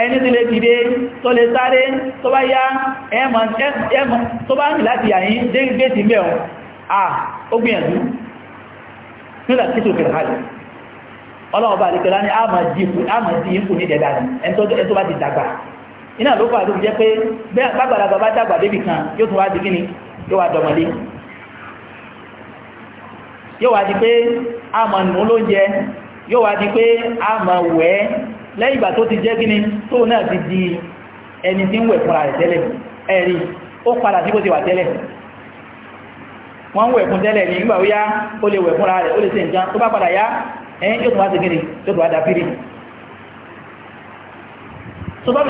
ẹni tí lè dìde tó lè sáré tó bá yá ẹmọ̀ tó bá rìn láti àyín dé gbèsè mẹ́ọ̀ à ó gbìyànjú nígbà tí tó fẹ̀rẹ̀ hàlẹ̀ ọlọ́ọ̀bá àdìkẹ́lá ní àmà jí ìkù ní ìdẹ̀dà ẹni tó bá ti dàgbà iná ló fàá tó jẹ́ pé bẹ́ẹ̀ bàgbàlagbà bá dàgbà débì kan yóò wá di kíni yóò wá dọ̀mọ̀lé yóò wá di pé àmà nù lóúnjẹ lẹ́yìn ìgbà tó ti jẹ́ gíní tó náà ti di ẹni tí ń wẹ̀ fúnra rẹ̀ tẹ́lẹ̀ ẹ̀rí ó padà sí bó ti wà tẹ́lẹ̀ wọ́n ń wẹ̀ fún tẹ́lẹ̀ ní ìgbà wíyá ó lè wẹ̀ fúnra rẹ̀ ó lè ṣe nǹkan tó bá padà yá ẹ̀yìn yóò tún wá sí gíní tó tún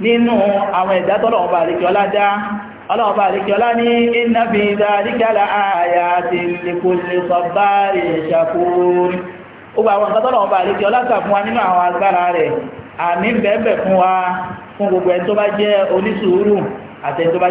nínú àwọn ẹ̀dá tọ́lọ̀ọba àríkíọlá dá ọlọ́ọba àríkíọlá ní inna fi dhalika la ayatin li kulli sabbarin àwọn tọ́lọ̀ọba àríkíọlá sàfún wa nínú àwọn agbára rẹ̀ àmì bẹ̀ẹ̀bẹ̀ fún wa fún gbogbo ẹni tó bá jẹ́ onísùúrù àtẹni tó bá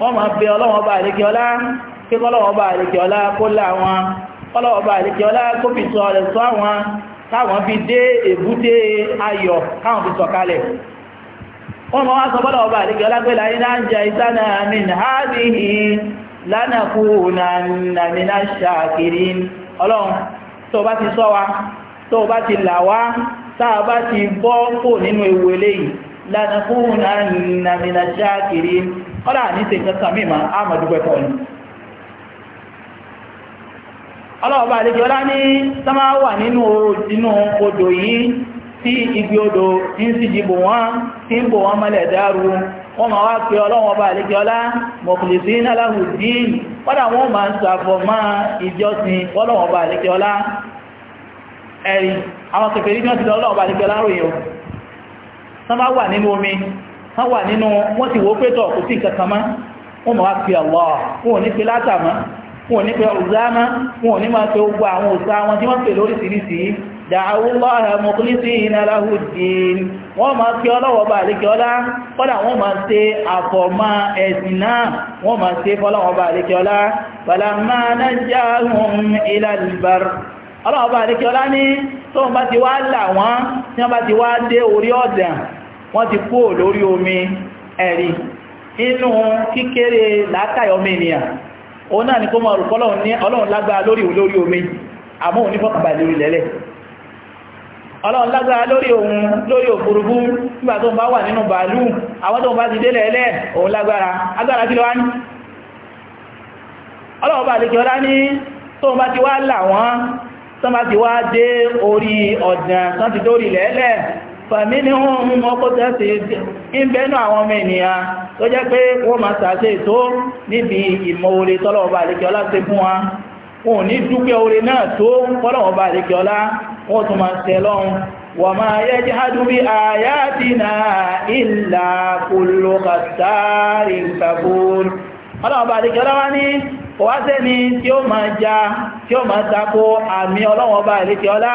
wọ́n máa bẹ ọlọ́wọ́ bá àríkẹ́ ọlá kí kọ́lọ́wọ́ bá àríkẹ́ ọlá kó là wọn kọ́lọ́wọ́ bá àríkẹ́ ọlá kó fi sọ rẹ̀ sọ àwọn káwọn fi dé èbúté ayọ̀ káwọn fi sọ kalẹ̀ wọ́n máa wá sọ kọ́lọ́wọ́ bá mina shakirin ọlọ́run tó bá ti sọ wa tó bá ti là wá táà bá mina shakirin kọ́lá ní ṣe kankan mímọ̀ ámàdúgbẹ́ fún ọ̀nà ọlọ́ọ̀bá àlejò ọlá ní sọ́mọ́ wà nínú odò yìí tí igi odò ń sì dìbò wọ́n tí ń bò wọ́n mọ́lẹ̀ dáru wọ́n ma wá pé ọlọ́wọ́n àlejò ọlá wọ́n wà nínú wọ́n ti wò ó pétọ̀ kò sí nǹkan kan wọ́n máa fi Allah wọn ò ní pe látà mọ́ wọn ò ní pe ọ̀zá mọ́ wọn ò ní máa pe gbogbo àwọn òsá wọn tí wọ́n pè lóríṣiríṣi dàáwó lọ́hà mọ̀kúlísì ìnàláhùdín wọ́n máa kí ọlọ́wọ́ bá àlékẹ́ ọlá kọ́dà wọ́n máa ṣe àfọ̀mọ́ ẹ̀sìn náà wọ́n máa ṣe fọ́lọ́wọ́ bá àlékẹ́ ọlá bàlámà náà jáhùn ìlàlìbàrù ọlọ́wọ́ ní tó bá ti wá là wọ́n tí wọ́n bá ti wá dé orí ọ̀dàn wọ́n ti kú lórí omi ẹ̀rí inú kíkéré látàyọmí ènìyàn o náà ni kó mọ̀ rùkọ́ ọlọ́run lórí olórí omi àmọ́ òní lórí lẹ́lẹ̀ ọlọ́run lórí ohun lórí òfurufú nígbà tó ń bàálù àwọn tó ń bá ti dé lẹ́lẹ̀ òun agbára kí lọ wá ní ọlọ́run bá lè kí ọlá ní tó ń bá ti wá là fàmílì ohun ọkọ̀tẹ́ sí ìbẹ̀nú àwọn ọmọ ènìyàn tó jẹ́ pé wọ́n máa sàṣe ètò níbi ìmọ̀ orí tọ́lọ̀ọba àríkẹ́ọlá ṣe fún wa wọn ní dúpẹ́ orí náà tó pọ́lọ̀ọba àríkẹ́ọlá wọ́n tún máa tẹ́ lọ́run wà máa yẹ́ jẹ́ àdúbí àyàtìnà ìlà kòlòkàtàrí ìtàkùn ọlọ́ọ̀bá àríkẹ́ọlá wá ní kò wá sẹ́ni tí ó máa ja tí ó máa tako àmì ọlọ́wọ̀ọba àríkẹ́ọlá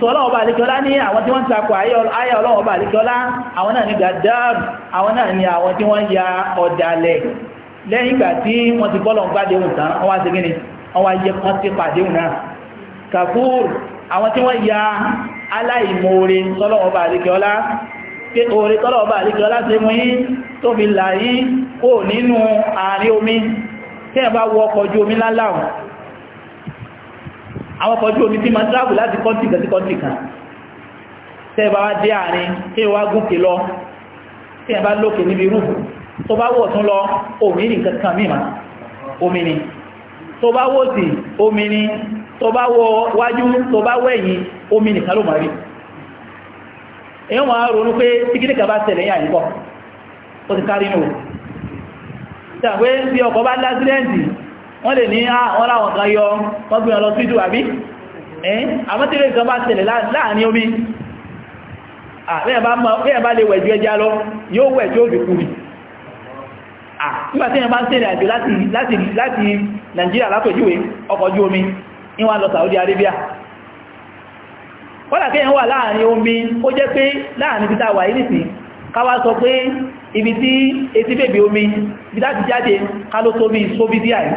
tó ọlọ́ọ̀bá àlekọ́lá ní àwọn tí wọ́n ń takò ayé ọlọ́ọ̀bá àlekọ́lá àwọn náà ní gàdáàbù àwọn náà ní àwọn tí wọ́n ya ọ̀dàlẹ̀ lẹ́yìn ìgbà tí wọ́n ti bọ́lọ̀ ń gbádéhùn tán wọ́n wá sí gíní wọ́n wá yẹ kán ya aláìmoore tọ́lọ́ọ̀bá àlekọ́lá pé oore tọ́lọ́ọ̀bá àlekọ́lá ṣe mú yín tó fi là yín kó nínú àárín omi tẹ́ẹ̀ bá wọ àwọn ọkọ̀ ojú omi tí máa travel láti kọ́ntì kan sí kọ́ntì kan tẹ́ bá wá dé àárín tí wá gúnkè lọ tí ẹ bá lókè níbi rúfù tó bá wọ̀ tún lọ omi ní nǹkan kan mímá omi ni tó bá wọ̀ sí omi ni tó bá wọ wájú tó bá wẹ̀yìn omi nìkan ló máa rí èyàn máa ronú pé tíkílì kan bá tẹ̀lẹ̀ yà nípọ̀ ó ti kárí nù tàbí bí ọkọ̀ bá lásìlẹ́ǹtì wọ́n lè ní ah, wọ́n láwọn kan yọ wọ́n gbìyàn lọ sídù àbí àmọ́tílé nǹkan bá tẹ̀lẹ̀ láàrin omi àbẹ́yàn bá lè wẹ̀jú ẹja lọ yóò wẹ̀jú òdìkú rí nígbàtí ẹ̀yàn bá ń tẹ̀lẹ̀ àjò láti Nàìjíríà lápẹ̀júwé ọkọ̀ ojú omi níwá lọ Saudi Arabia kọ́lá kí ẹ̀yàn wà láàrin omi ó jẹ́ pé láàrin ibi táwà ìrìsì káwà sọ pé ibi tí etí bèbè omi ibi láti jáde ká ló tóbi sóbi díà yìí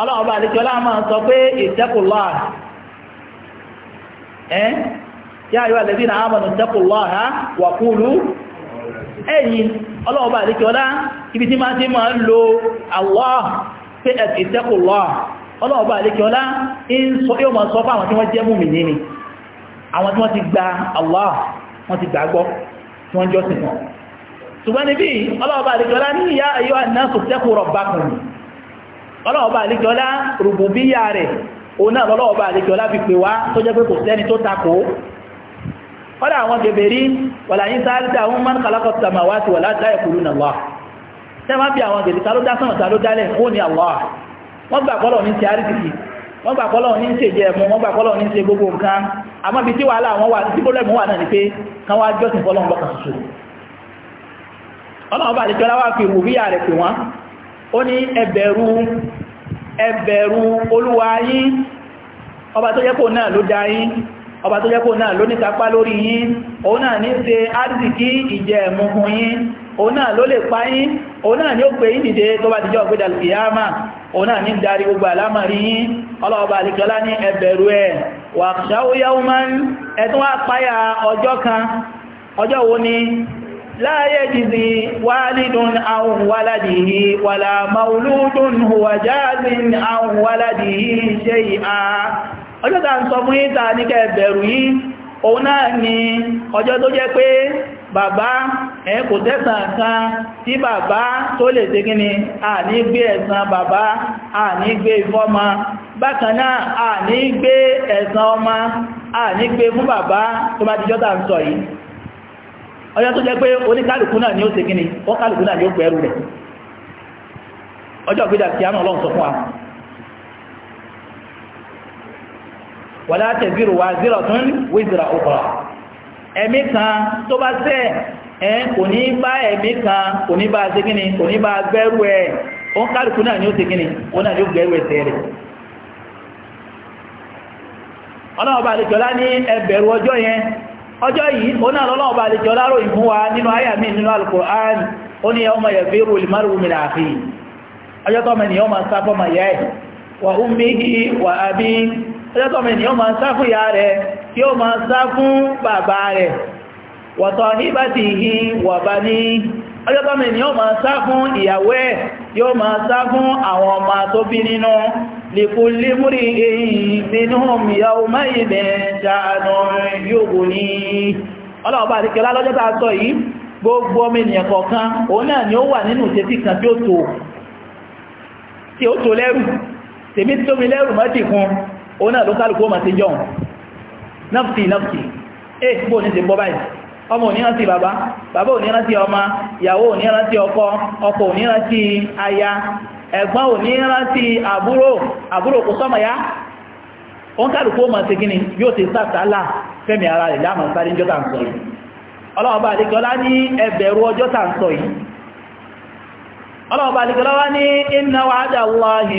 ọlọ́ọ̀bá àdíkọ́lá máa sọ pé ìtẹ́kùlọ́ ẹ́ yá yíwa lẹ́bí na ámànù tẹ́kùlọ́ ha wà kúrú ẹ̀yìn ọlọ́ọ̀bá ibi tí máa ti máa ń lo Allah pé ma sọ wọ́n ni àwọn wọ́n ti gba wọ́n ti wọ́n ọlọ́ọ̀bá ní ìyá ayọ́ tẹ́kù rọ̀ ọlọ́ọ̀bá àlejọ́lá rùbùbíyà rẹ̀ òun náà lọ́lọ́ọ̀bá àlejọ́lá fi pè wá tó jẹ́ pé kò sẹ́ni tó takò kọ́dà àwọn gẹ̀bẹ̀rí wàláyín sáàlítà àwọn mọ́n kàlákọ̀ sàmàwá ti wà látà ẹ̀kùrú nà lọ́wọ́ tẹ́ máa bí àwọn gẹ̀rẹ̀ tàló dásánà tàló dálẹ̀ ó ní àwọ́ wọ́n gbà pọ́lọ̀ ní ti àríkìkì wọ́n gbà pọ́lọ̀ ní ṣe jẹ́ ẹ̀mú wọ́n gbà pọ́lọ̀ ní ṣe gbogbo nǹkan àmọ́ bí tí wàhálà àwọn wà tí pọ́lẹ̀mù wà náà ó ní ẹbẹ̀rù ẹbẹ̀rù olúwa yín ọba tó jẹ́ kó náà ló dá yín ọba tó jẹ́ kó náà ló níkapá lórí yín òun náà ní ṣe áìsìkí ìjẹ ẹ̀mùkùn yín òun náà ló lè pa yín òun náà ní ó pè yín tó bá dìjọ́ ọ̀gbẹ́dà kìyàmà òun لا يجزي والد عن ولده ولا مولود هو جاز عن ولده شيئا ọjọ́ ta ń sọ fún ìta ní kẹbẹ̀rù yìí òun náà ni ọjọ́ tó jẹ́ pé bàbá ẹ kò tẹ́sàn kan tí bàbá tó lè ṣe gíní a ní gbé ẹ̀san bàbá a ní gbé ìfọ́mọ bákanáà a ní gbé ẹ̀san ọmọ a ní gbé fún bàbá tó bá ti jọ́ta ń sọ yìí ọjọ́ tó jẹ́ pé oníkálùkù náà ni ó ṣe kí ni náà ni ó pẹ̀rù rẹ̀ ọjọ́ ìgbéjà kí á sọ fún wa wà látẹ̀ zero wa zero tún wí ọkọ̀ ẹ̀mí kan tó bá ẹ̀ kan kò ní bá kò ní bá ẹ̀ náà ni ó náà ni ó ẹ̀ ọjọ́ yìí ó náà lọ́nà ọba àlejò láró ìfún wa nínú àyà mi nínú alukur'an ó ní ọmọ yẹ̀fẹ́ ìrò ìmárùn mi láàfi ọjọ́ tọ́mọ ni ó máa sá fọ́mọ yẹ́ wà ummihi wà abi ọjọ́ tọ́mọ ni ó máa sá rẹ̀ kí ó máa sá bàbá rẹ̀ wa ọjọ́ tọ́mọ ni ó ìyàwó لكل مرئ منهم يومئذ شأن يغنيه ọlọ́ọ̀bá àríkẹ́ lálọ́jọ́ tàà sọ yìí gbogbo ọmọ ènìyàn kọ̀ọ̀kan òun náà ni ó wà nínú tẹ́sí kan tí ó tó tí ó tó lẹ́rù tèmi tó mi lẹ́rù mọ́tì fún òun náà ló kálùkù eh bó ní ti bọ́ báyìí ọmọ òní rántí bàbá bàbá òní rántí ọmọ ìyàwó òní rántí ọkọ ọkọ ẹ̀gbọ́n ò ní rántí àbúrò kò sọ́mọ̀ yá oun kàrùkú o máa ṣe gíní yóò ti sàtàlà fẹ́mì ara rẹ̀ láàmà sáré jọta ń sọ yìí ọlọ́ọ̀bá àdíkọlá ní ẹbẹ̀rù ọjọ́ ń sọ yìí ọlọ́ọ̀bá àdíkọlá wá ní inna wa Allahi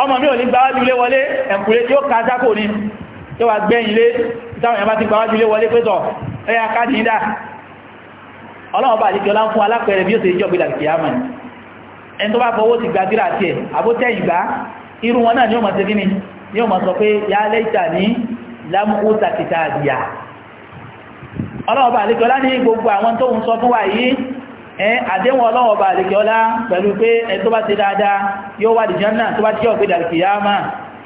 ọmọ mi ò ní gbáwájúlé wọlé ẹ̀kùnlé tí ó ká sákò ní tí ó wà gbẹ́yìnlé ìtàwọn ìyàmá ti gbáwájúlé wọlé pẹ́tọ̀ ẹ̀yà káàdì ìdá ọlọ́wọ́ bá àdíkẹ́ ọlá ń fún alápẹẹrẹ bí ó ṣe jọ gbìdà kìyàmà ẹni tó bá fọwọ́ ti gbà tíra tiẹ̀ àbótẹ́ ìgbà irú wọn náà ni ó mọ̀ sí kíni ni ó mọ̀ sọ wa yìí àdéhùn ọlọ́wọ̀ bá àdékẹ́ ọlá pẹ̀lú pé dada bá ti dáadáa yóò wà dìjánà tó bá tí ọ̀gbé dàríkìyàmà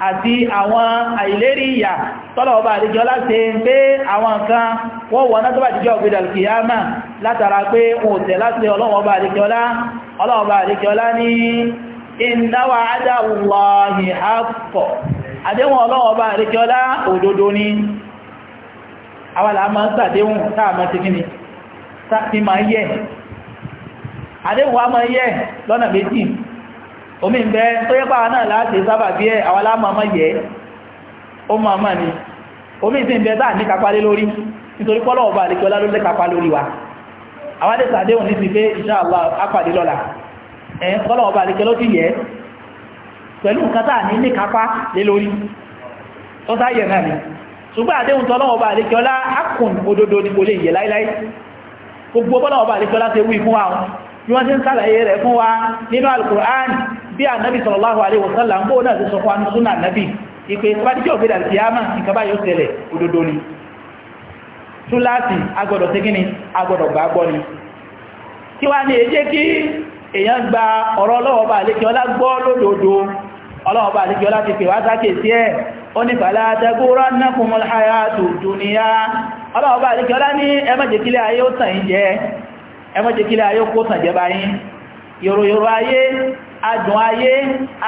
àti àwọn àìlérí ìyà tọ́lọ̀wọ̀ bá àdékẹ́ ọlá ṣe pé àwọn nǹkan wọ́n wọ́n tó bá ti jẹ́ ọ̀gbé dàríkìyàmà látara pé òun tẹ̀ láti ọlọ́wọ̀ ni àdéhùn a máa yẹ̀ lọ́nà méjì omi ń bẹ tó yẹ pàwọn náà láti sábà bí ẹ àwọn aláàmọ́ yẹ ó máa máa ni omi ìsìn bẹ táà ní kápá lé lórí nítorí pọ́lọ̀ ọba àdìkọ́ láló lé kápá lórí wa àwọn àdé sàdéhùn ní ti pé ìṣàlá apàdé lọ́la ẹ̀yìn pọ́lọ̀ ọba àdìkọ́ ló ti yẹ pẹ̀lú nǹkan táà ní ní kápá lé lórí tó sáyẹ̀ náà ni ṣùgbọ́n bí wọ́n ti ń sàlàyé rẹ̀ fún wa nínú al-Qur'an bí ànábì sallallahu alaihi wasallam bóò náà ti sọ fún anú súnà ànábì ìpè ìpàdé tí òfin àti ìkàbá yóò ni túláàsì agbọ́dọ̀ tí gíní agbọ́dọ̀ gbà ni kí wá ní èjé kí èyàn gba ọ̀rọ̀ ọlọ́wọ́ ọlá gbọ́ ọlá ti pè wá sáké sí ẹ̀ ó ní fàlá ẹmọ́jẹ́ kílẹ̀ ayé kó tàn jẹba yín yòròyòrò ayé adùn ayé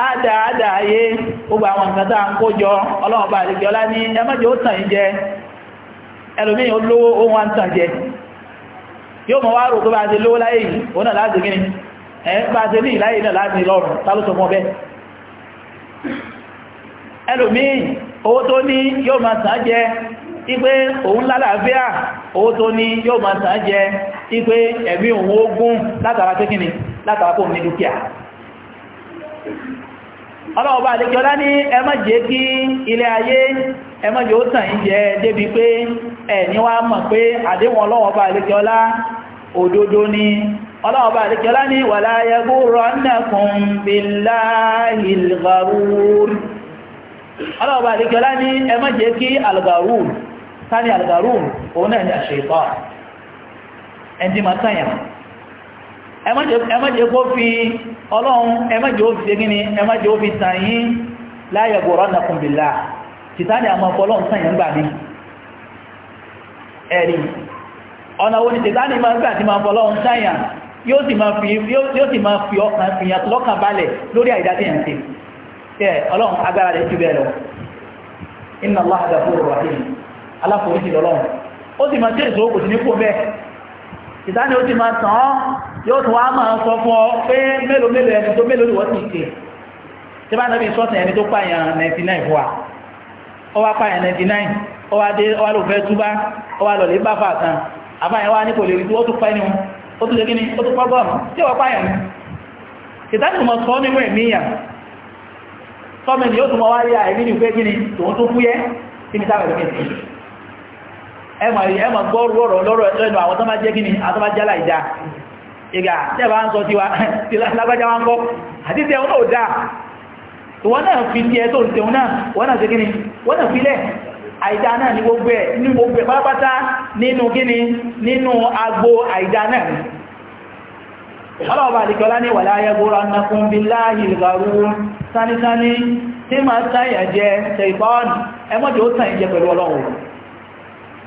ádáadà ayé gbogbo àwọn nǹkan tá ń kó jọ ọlọ́ọ̀bá àríkẹ́ọlá ní ẹmọ́jẹ́ ó tàn yín jẹ ẹlòmíì ó lówó ohun à ń tàn jẹ yóò mọ̀ wá rò tó bá ṣe lówó láyé yìí òun náà láti gíní ẹ̀ bá ṣe ní ìláyé náà láti lọ́rùn tálótọ́ mọ́ bẹ́ẹ̀ ẹlòmíì owó tó ipe òun lálàáfíà owó tó ní yóò máa tàn jẹ ipe ẹ̀mí òun ogun látara pé kíni látara kó ní dúkìá ọlọ́ọ̀bá àdékọ́lá ní ẹ má jẹ́ kí ilé ayé ẹ má jẹ́ ó tàn jẹ débi pé ẹ̀ní wá mọ̀ pé àdéhùn ọlọ́ọ̀bá àdékọ́lá òdodo ni ọlọ́ọ̀bá àdékọ́lá ní wala yaghurrannakum ọlọ́ọ̀bá àdékọ́lá ní ẹ kí al tani algarun òun náà ni àṣẹ̀tọ́ ẹni ma tàyà ẹmọ́jẹ́ kó fi ọlọ́run ẹmọ́jẹ́ ó fi ṣe gíní ẹmọ́jẹ́ ó fi tàyí láyẹ̀gbọ̀rọ̀ nàkùnbìlá tìtàní àmọ́ ọlọ́run tàyà ń gbà ní ma gbà tí ma ọlọ́run tàyà yóò sì ma fi ọkàn fìyàn lọ́kàn balẹ̀ lórí aláforíjì lọ́lọ́run ó sì máa jẹ́ ìṣòro kò sí ní kò bẹ́ẹ̀ ìdáni ó ti máa tàn án yóò tún wá máa sọ fún ọ pé mélòó mélòó ẹni tó mélòó ìwọ́ ti ṣe tí bá nàbí sọ́sìn ẹni tó pààyàn 99 fún wa ó wá pààyàn 99 ó wá dé ó wá lò fẹ́ túbá ó wá lọ̀lẹ́ bá fà kan àbáyẹn wá ní kò lè rí tó tún pẹ́ ní ó tún lè kí ni ó tún pọ́gọ́ọ̀mù tí ó pààyàn ìdáni mọ̀ sọ nínú ẹ̀mí yàn tọ́mẹ̀ni ó tún mọ wá rí àìrí ní pé kí ni tòun tó fúyẹ́ kí ni táwọn ẹ̀mí ẹmà ẹmà gbọ́rù ọ̀rọ̀ lọ́rọ̀ ẹ̀lẹ́nu àwọn tó máa jẹ́ gíní àtọ́ máa jálà ìdá ìgbà tẹ́bà ń sọ tíwá tí lágbàjá wá ń kọ́ àti tẹ́ ọ̀nà òdá wọ́n náà fi ní ẹ̀tọ́ ìtẹ̀wọ̀n náà wọ́n náà fi gíní wọ́n náà fi lẹ̀ àìdá náà ní gbogbo ẹ̀ ní gbogbo ẹ̀ pátápátá nínú gíní nínú agbo àìdá náà ọlọ́ọ̀bà àdìkọlá ní wà láyé gbóra ń nakún bí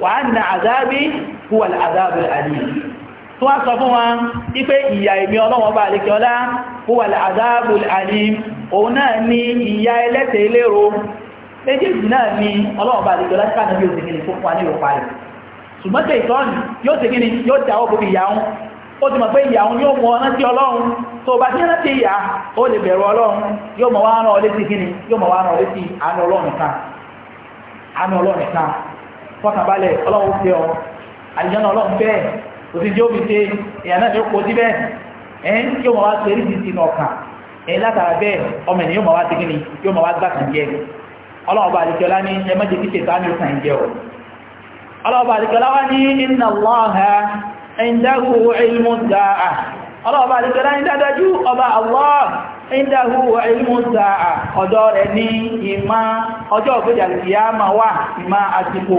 Wa á nà àzábí huwa àzábí àlì tó wá sọ fún wọn wípé ìyà èmi ọlọ́wọ́ bá àlekẹ́ ọlá huwa àzábí òun náà ni ìyà ẹlẹ́tẹ̀ lérò méjèèjì náà ni ọlọ́wọ́ bá àlekẹ́ ọlá sáà ní ìrọ̀pá rẹ̀ fọ́kànbalẹ̀ ọlọ́run tẹ ọ àdìjọ́nà ọlọ́run bẹ́ẹ̀ kò sí jẹ́ omi ṣe èèyàn náà yóò kó síbẹ̀ ẹ̀ kí wọ́n wá ṣe eré ti sinú ọkàn ẹ̀ látara bẹ́ẹ̀ ọmọ ènìyàn yóò máa wá ti kí ni yóò máa wá gbà ọjọ́ ògbéjà kìí á wà ìmá àsìkò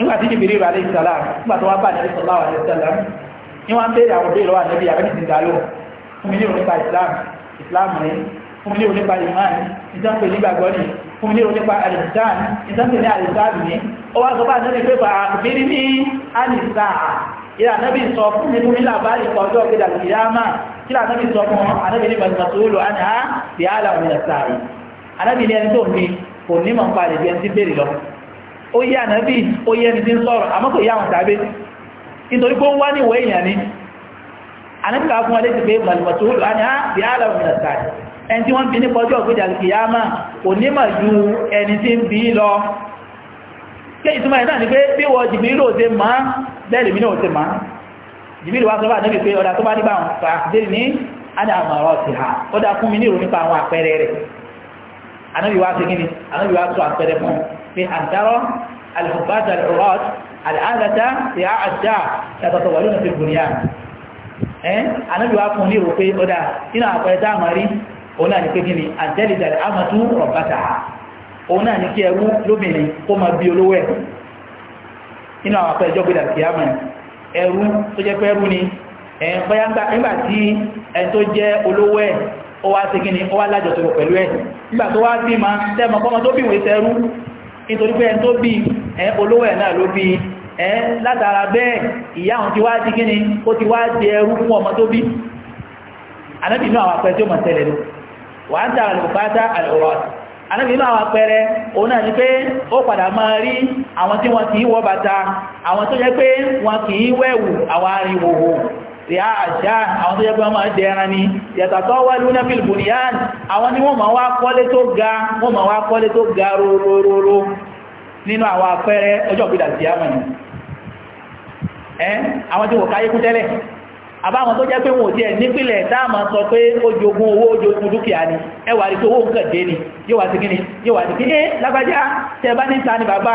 nígbà tí jìbìrì rà lè sàlá nígbà tó wá bá nẹ́bí sọ̀lá wà lè sàlá ní wọ́n bèèrè àwọn bèèrè wà nẹ́bí àbẹ́ ti dàlú fún onípa islam islam rẹ̀ fún mi ní onípa iman ìjọba ìgbàgbọ́ ni fún mi ní onípa alisan ìjọba ní alisan ni ó wá sọ bá nẹ́bí pé àbírí ní alisa ìlà nẹ́bí sọ fún mi fún mi làbáyé kọjọ́ gbé dàlú ìyáàmà kílà nẹ́bí sọ fún anábì ní mọ̀tòlù àná fi àlà ó yé ànábì ó yé ẹni tí ń sọ̀rọ̀ àmọ́ kò yá àwọn tàbí nítorí pé ó ń wá ní ìwé èèyàn ni ànábì ká fún ọlẹ́sì pé màlùmọ̀tò ó lò á bí á lọ́wọ́ ìrìnà ẹni tí wọ́n bí nípa ọjọ́ ju ẹni tí ń bí lọ ṣé ìtumọ̀ ẹ̀ náà ni pé bí wọ́n jìbìrì ò ṣe máa bẹ́ẹ̀ lèmi ò wá sọ́bà níbi pé ọ̀dà tó bá nígbà ní ti في أن ترى الحبات العراة العادة رعاء الداع يتطولون في البنيان anábì wá fún ní ìrò pé ó dáa nínú àpẹẹta àmàrí òun náà ni pé gíní àtẹ́lìdà àmàtú rọ̀bátà òun náà ni kí ẹrú lóbìnrin kó ma bí olówó ẹ̀ nínú àwọn àpẹẹ ìjọ́ gbẹ̀dà kìí àmà ẹrú tó jẹ́ pẹ́rú ni ẹ̀yìnbáyá nígbà tí ẹ nítorí pé ẹni tó bí olówó ẹ̀ náà ló bí látara bẹ́ẹ̀ ìyá òun ti wá di kíni ó ti wá di ẹrú fún ọmọ tó bí anábì àwọn apẹ tí ó mọ̀ tẹ́lẹ̀ wà ń tara àwọn apẹrẹ òun náà ni pé ó padà máa rí àwọn tí wọn kìí wọ bàtà àwọn tó pé ríáàjá àwọn tó jẹ́gbọ́n máa jẹ ẹran ni yàtàtọ́ wà lúnà fìlìbùnìyàn àwọn ni wọ́n ma wá kọ́lé tó ga wọ́n ma wá kọ́lé tó ga rororo nínú àwọn àpẹẹrẹ ọjọ́ ìpìlà sí àmàni ẹ́ àwọn tí wò káyé kú tẹ́lẹ̀ àbáwọn tó jẹ́ pé wọn ò tiẹ̀ nípìnlẹ̀ dáàmà sọ pé ó jogún owó ó jogún dúkìá ni ẹ wà rí pé owó nǹkan dé ni yóò wá ni yóò wá sí kí ní lágbájá tẹ bá ní ta ni bàbá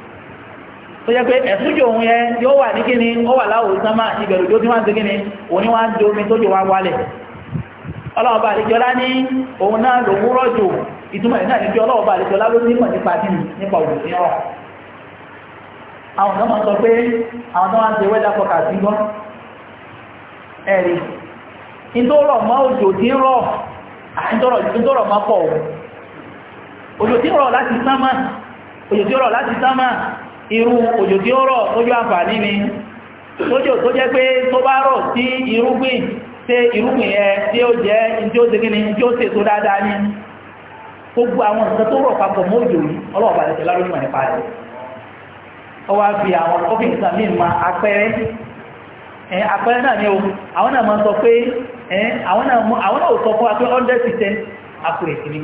tó jẹ́ pé ẹ̀sùnjò òun yẹ yóò wà ní kíni ó wà láwòrán sánmà ìbẹ̀rù tí wọ́n ti kíni òní wá ń omi tó jù wá wálẹ̀ ọlọ́ọ̀bà àlejọ́lá ní òun náà ló wúrọ̀ jù ìtumọ̀ ìná ní bí ọlọ́ọ̀bà àlejọ́lá ló nímọ̀ nípa kí nípa sọ òjò tí irú òjò tí ó rọ̀ ojú àǹfààní ni tójò tó jẹ́ pé tó bá rọ̀ sí irúgbìn tí irúgbìn ẹ tí ó jẹ́ tí ó segin ni tí ó sèso dáadáa ní gbogbo àwọn nǹkan tó rọ̀ papọ̀ mọ́ òjò yìí ọlọ́ọ̀bà ma o 100%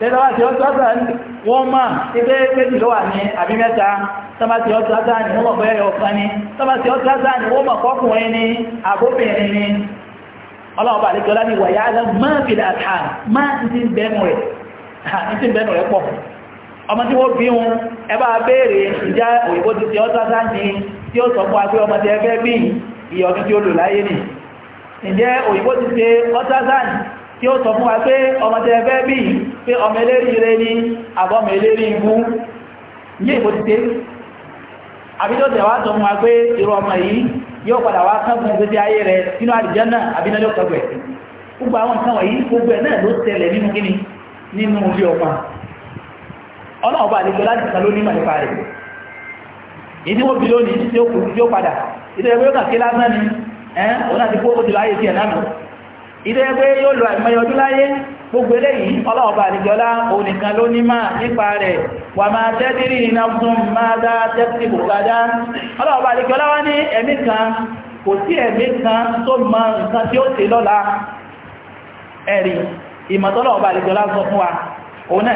tẹ́lọ́wà tí ó tọ́ta wọ́n máa ẹgbẹ́ méjì lọ́wà ní àbí mẹ́ta tọ́bá tí ó tọ́ta ní wọ́n mọ̀ bẹ́ẹ̀ ọ̀kan ní tọ́bá tí ó tọ́ta ní wọ́n mọ̀ kọkùnrin ní àbóbìnrin ni ọlọ́ọ̀bà àdíjọ́lá ní wà ní tí ó sọ fún wa pé ọmọdé ẹgbẹ́ bí pé ọmọ eléri ire ní àbọ́mọ eléri ibú ní èbò ti dé àbí tó tẹ̀wá sọ fún wa pé irú ọmọ yìí yóò padà wá kágun ìgbésí ayé rẹ nínú àlùjánnà àbí náà yóò kọgbẹ̀ gbogbo àwọn nǹkan wọ̀nyí gbogbo ẹ̀ náà ló tẹ̀lẹ̀ nínú kíni nínú ilé ọmọ ọlọ́run bá àlejò láti sàn lónìí màlúfà rẹ̀ ìdí wọ́n bí lónìí tí ó kù tí ó padà ìdí ẹgbẹ́ yóò kàn kí lásán ni ẹ̀ òun àti kó ó ti láyé tiẹ̀ náà ìdẹ́ pé yóò lọ àìmọye ọdún láyé gbogbo eléyìí ọlọ́ọ̀bà àdìjọ́lá onìkan ló ní máa nípa rẹ̀ wà máa tẹ́tìrì nínú ọdún máa dá tẹ́tìrì bùkádá ọlọ́ọ̀bà àdìjọ́lá wá ní ẹ̀mí kan kò sí ẹ̀mí kan tó mọ nǹkan tí ó ṣe lọ́la ẹ̀rí ìmọ̀tọ́lọ́ọ̀bà àdìjọ́lá sọ fún wa òun náà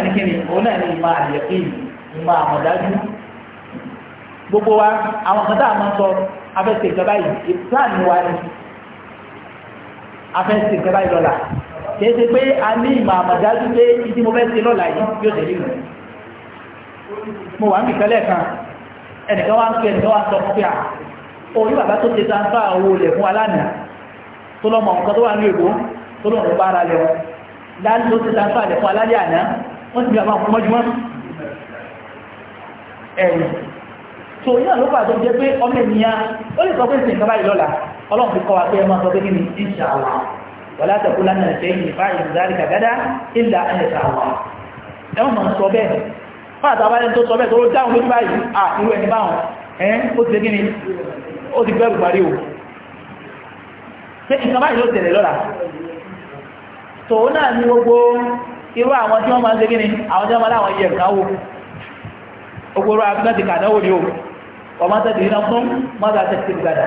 gbogbo wa àwọn kan tá a sọ afẹ́sẹ̀ ìjọba yìí wa ni afẹ́sì nǹkan báyìí lọ́la kìí ṣe pé a ní ìmọ̀ àmàdájú pé ìdí mo fẹ́ ṣe lọ́la yìí yóò tẹ̀lé mi mo wà ní ìkẹ́lẹ̀ kan ẹnìkan wá ń pè ẹnìkan wá sọ fún pé à orí bàbá tó ṣe sáńfà owó lẹ̀ fún alánà tó lọ́mọ nǹkan tó wà ní èkó tó lọ́mọ bá ara lẹ̀ wọn láti tó ṣe sáńfà lẹ̀ fún alálẹ̀ àná wọ́n ti bí àwọn ọmọjúmọ́ ẹ̀rù tòun náà ló pàtó jẹ́ pé ọmọ ènìyàn ó lè sọ pé ṣe nǹkan báyìí ọlọ́run fi kọ́ wa pé ẹ máa sọ pé kí ni insha Allah wàlá àtẹ̀kù lánàá ṣe yìí bá ìrìnzárí kàgádá ìlà ẹ̀ṣà Allah ẹ máa sọ bẹ́ẹ̀ fáàtà abáyẹn tó sọ bẹ́ẹ̀ tó ló dáhùn lójú báyìí à irú ẹni báwọn ẹ̀ ó ti kí ni ó ti bẹ́rù parí o pé nǹkan báyìí ló tẹ̀lé lọ́la irú àwọn tí wọ́n máa ń ṣe kí àwọn tí máa láwọn yẹ̀ káwó ogboro agbẹ́sìkà náà wò ni o ọmọ tẹ̀sí náà fún mọ́tà tẹ̀sí gbàdá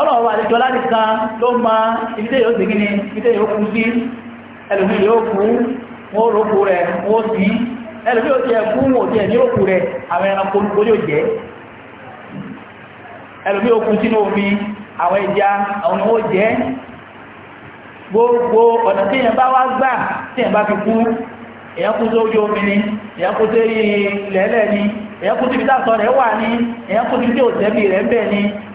ọlọ́run wà lẹ́jọ́ láti kan ló ma ibi tẹ́ yóò sì gíní ibi tẹ́ yóò kú sí ẹlòmí yóò kú wọ́n rókú rẹ̀ wọ́n sí ẹlòmí yóò tiẹ̀ kú wọ́n tiẹ̀ ní rókú rẹ̀ àwọn ẹranko olùkó yóò jẹ́ ẹlòmí yóò kú sínú omi àwọn ẹja àwọn owó jẹ́ gbogbo ọ̀nà tí èèyàn bá wá gbà tí èèyàn bá fi kú èèyàn kú sójú omi ni èèyàn kú sí ilẹ̀ ẹlẹ́ ni èèyàn kú síbi tá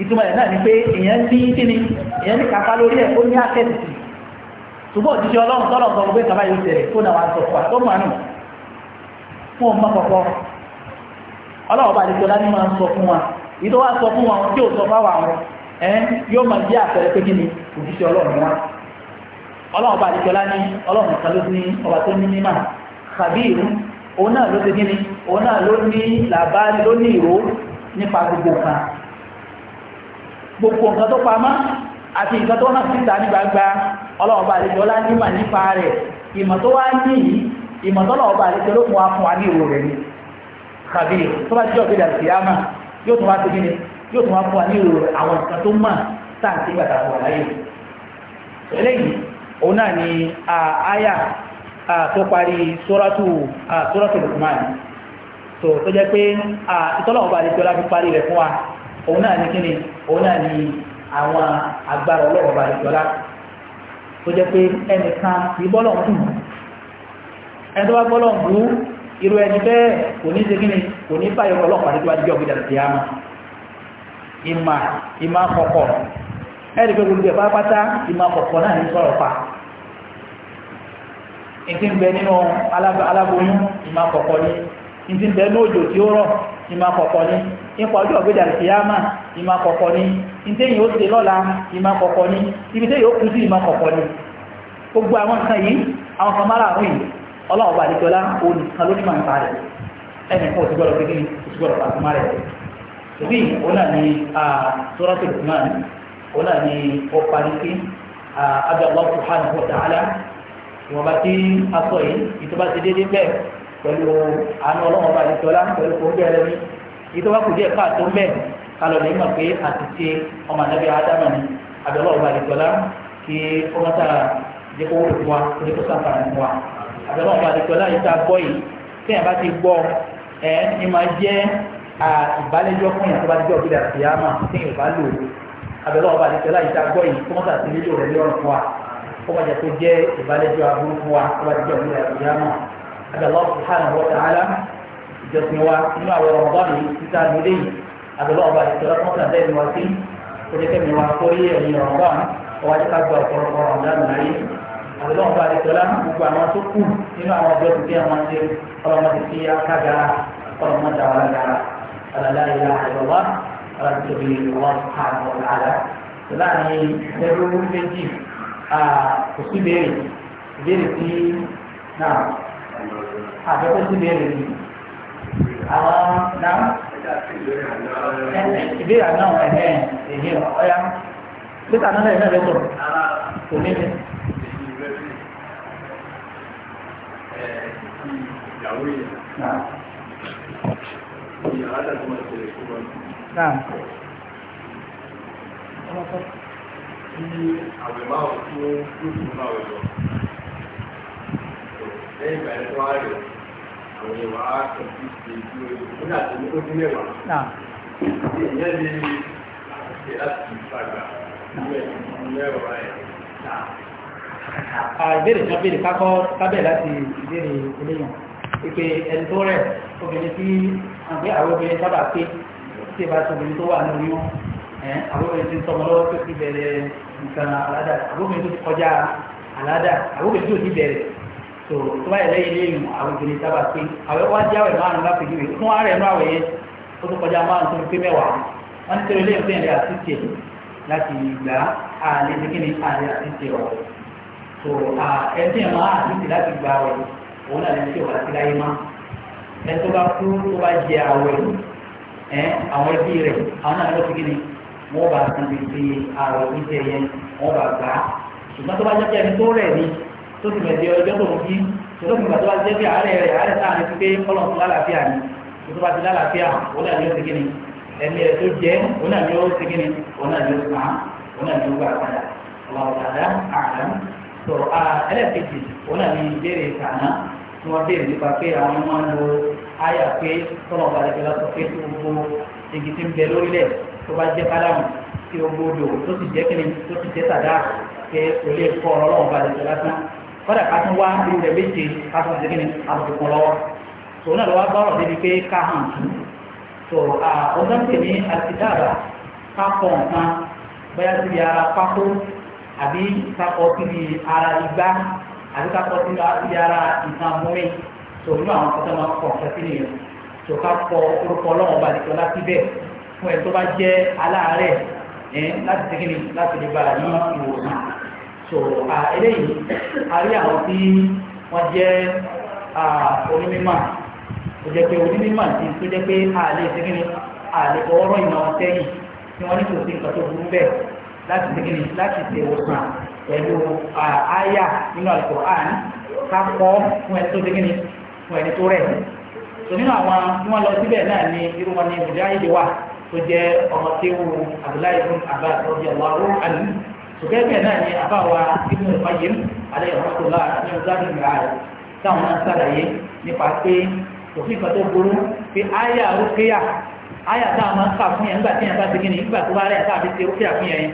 ìtumọ̀ ẹ̀ náà ni pé èèyàn ní kíni èèyàn ní kápá lórí ẹ̀ ó ní àkẹ́tì ṣùgbọ́n òjijì ọlọ́run tọ́lọ̀ sọ gbogbo ìkàbá yóò tẹ̀lé kó náà wà sọ fún àtọ́ màánù fún ọmọ kọ̀kọ́ ọlọ́run bá àdìsọ́lá ní máa ń sọ fún wa èyí tó wá sọ fún wa tí ò sọ fún àwọn ẹ̀ yóò máa jẹ́ àpẹẹrẹ pé kíni òjijì ọlọ́run wa ọlọ́run bá àdìsọ́lá ní ọlọ́run kan ló gbogbo nǹkan tó pamọ́ àti nǹkan tó hàn síta ní gbangba ọlọ́run bá àlejò ọlá nímà nípa rẹ̀ ìmọ̀ tó wá ní yìí ìmọ̀ tó àlejò ló mú wa fún wa ní ìwò rẹ̀ ni kàbí tó bá jẹ́ òkèdè àti àmà yóò tún wá sí kíni yóò tún wá fún wa ní ìwò rẹ̀ àwọn nǹkan tó mọ̀ sáàtì gbàtà wà láyé eléyìí òun náà ni àáyà tó parí sóràtù sóràtù Lukman tó jẹ́ pé ìtọ́lọ́wọ́ bá àlejò ọlá fi parí rẹ̀ fún wa òun náà ní kíni òun náà ní àwọn agbára ọlọ́run bá ìjọra tó jẹ́ pé ẹnìkan kì í bọ́lọ̀ kù ẹni tó bá bọ́lọ̀ kù irú ẹni bẹ́ẹ̀ kò ní ṣe kíni kò ní báyọ̀ ọlọ́pàá nípa díjọ́ gbé dàdí àmà ìmà ìmà kọ̀kọ̀ ẹni pé gbogbo ẹ̀fà pátá ìmà kọ̀kọ̀ náà ní sọ̀rọ̀ pa ìtì ń bẹ nínú aláboyún ìmà kọ̀kọ̀ ní ìdí ń bẹ ní òjò tí ó rọ̀ ìmọ̀ àkọ́kọ́ ni nípa ọjọ́ ọ̀gbẹ́dà ìfìyàmà ìmọ̀ àkọ́kọ́ ni ìtẹ́yìn ó ṣe lọ́la ìmọ̀ àkọ́kọ́ ni ibi tẹ́yìn ó kú sí ìmọ̀ àkọ́kọ́ ni gbogbo àwọn nǹkan yìí àwọn kan mára àwọn yìí ọlọ́run bá ló ní màá nípa rẹ̀ rẹ̀ ni sọ́rọ́tò lùkùnmáà òun ni ó parí sí abdullah ta'ala ìwọ̀nba tí a sọ yìí ìtọ́ba ti pẹ̀lú àánú ọlọ́wọ́ bá ní tọ́lá pẹ̀lú kò ń bẹ̀rẹ̀ mi ìtọ́ bá kù díẹ̀ káàtó mẹ́ kálọ̀ lè mọ̀ pé àtìṣe ọmọ ànábì ádámà ni àbẹ̀lọ́ ọba ní tọ́lá kí ọmọ sára ní kó wúlò fún wa kó ní kó sàǹfààní fún wa àbẹ̀lọ́ ọba ní tọ́lá yìí tá a gbọ́ yìí tẹ́yìn bá ti gbọ́ ẹ ní máa jẹ́ ìbálẹ́jọ́ fún yàtọ̀ bá ti gbọ́ òkúta àti àmà tẹ́yìn bá lò àbẹ̀lọ́ ọba ní tọ́lá yìí tá a gbọ́ yìí kó mọ́ sàtì àti Allah subhanahu wa ta'ala ìjọsìn wa nínú àwọn ọmọ bọ́ọ̀lù títà nílé yìí àbẹ̀lọ́ ọba ìṣòro tó ń tàn lẹ́nu wa sí kódékẹ́ mi wa kó yé ẹ̀yìn ọ̀gbọ́n ọwọ́ ajé ká gba ọ̀pọ̀lọpọ̀ ọ̀dà nàáyé àbẹ̀lọ́ ọba ìṣòro gbogbo àwọn tó kù nínú àwọn ọjọ́ tó bí àwọn ṣe ọlọ́mọdé sí akága ọlọ́mọdé àwọn alága alàlá ìlà àyọ̀wá alájọbí wọn àwọn ọ̀làlá láàrin ẹgbẹ́ méjì kò béèrè béèrè sí náà àbẹ̀kọ́ sí ìbéèrè mi àwọn náà ìbéèrè náà ẹ̀hẹ́ èyí ọ̀ya pété àná lẹ́yìn náà lẹ́tọ̀ kò ní mi. ìyàwó yìí ìyàwó àdàtúmọ̀ ìṣẹ̀lẹ̀ ìṣúná tí àwẹ̀ máa ń fún lóṣù máa wẹ̀ lọ lẹ́yìn ìgbà ẹni tó wá rẹ̀ àwọn ìwà kẹ̀kí ṣe ju ìgbóná àti ní ojú mẹ́wàá. ìyẹn ni ṣe láti ìfagbà mẹ́wàá ẹ̀ náà. àìbéèrè kan béèrè kákọ́ kábẹ̀ láti ìbéèrè eléyàn ìpè ẹni tó rẹ̀ obìnrin tí àgbẹ̀ àwọn obìnrin sábà pé tí ìbá sọ obìnrin tó wà ní oyún àwọn obìnrin tí ń tọmọ lọ́wọ́ tó ti bẹ̀rẹ̀ nǹkan àládà àwọn obìnrin tó ti kọjá àládà àwọn obìnrin tó ti bẹ̀rẹ̀ tó tó bá yẹlẹ ilé ìlú àwọn obìnrin sábà pé àwẹ̀ wá jẹ́ àwẹ̀ márùn láti ìwé fún ààrẹ ẹnu àwẹ̀ yẹn ó tó kọjá márùn tó fi pé mẹ́wàá wọ́n ti tẹ̀lé ilé ìfẹ́ àti tiẹ̀ láti ìgbà àlè ní kíni àlè àti tiẹ̀ wà tó ẹni ẹ̀ máa àti tiẹ̀ láti gbà wẹ̀ òun náà lè tiẹ̀ wà láti láyé má ẹni tó bá kú tó bá jẹ àwẹ̀ ẹ àwọn ẹbí rẹ̀ àwọn náà lọ́ọ́ fi kíni wọ́n wọ́n bá tó ti bẹ̀ẹ̀ di ọjọ́ tó ń bí tó ti gbàdúrà jẹ́ bí àárẹ̀ rẹ̀ àárẹ̀ sáà ní pípé kọ́lọ̀ tó lálàáfíà ni tó bá ti lálàáfíà òun náà ni ó ti kíni ẹ̀mí rẹ̀ tó jẹ́ òun náà ni ó ti kíni òun náà ni ó sàn án òun náà ni ó gbà padà ọ̀làwọ̀tàdá àdá tó ẹlẹ́ẹ̀kejì òun náà ni ìbéèrè kàná tí wọ́n béèrè nípa pé àwọn máa ń lo àyà pé tọ́lọ̀ balẹ̀kẹ́ lọ́sọ̀ pé tó kọ́dà ká tún wá irú rẹ̀ méje ká tún ṣe kíni àbùkù lọ́wọ́ tòun náà lọ́wọ́ gbọ́rọ̀ débi pé ká hàn tún tó ọjọ́ pè ní àtìdáàbà ká kọ nǹkan bóyá síbi ara pákó àbí ká kọ síbi ara igbá àbí ká kọ síbi ara nǹkan múmi tó nínú àwọn kọ́tà máa kọ̀ ọ̀kẹ́ sínú yẹn tó ká kọ orúkọ ọlọ́wọ́ bá dìtọ́ láti bẹ̀ fún ẹ̀ tó bá jẹ́ aláàárẹ̀ láti ṣe kíni láti lè bá yí ìwòsàn so eléyìí a rí àwọn tí wọ́n jẹ́ onímọ̀ tó jẹ́ pé onímọ̀ ti tó jẹ́ pé àlè ìsẹ́gínní àlè ọwọ́rọ̀ ìmọ̀ sẹ́yìn tí wọ́n ní kò sí nǹkan tó burú bẹ́ẹ̀ láti ìsẹ́gínní láti ṣe òsàn pẹ̀lú àyà nínú àlùkò àn kápọ̀ fún ẹni tó ṣẹ́gínní fún ẹni tó rẹ̀ so nínú àwọn tí wọ́n lọ síbẹ̀ náà ni irú wọn ni mùjáyìdì wà tó jẹ́ ọmọ tí ó wù Abdullahi ibn Abbas rọ́bì ọ̀lá gẹ́gẹ́ náà ni àbáwa ibùdó ìfọyín alẹ́ ìrọ́mọ́tòlá àti ọ̀gáàdì mìíràn táwọn náà sàlàyé nípa pé òfin kan tó burú pé àyà rúkìá àyà tá a máa ń kà fún yẹn nígbà tí yẹn bá ti gíní nígbà tó bá rẹ̀ tá a fi ṣe rúkìá fún yẹn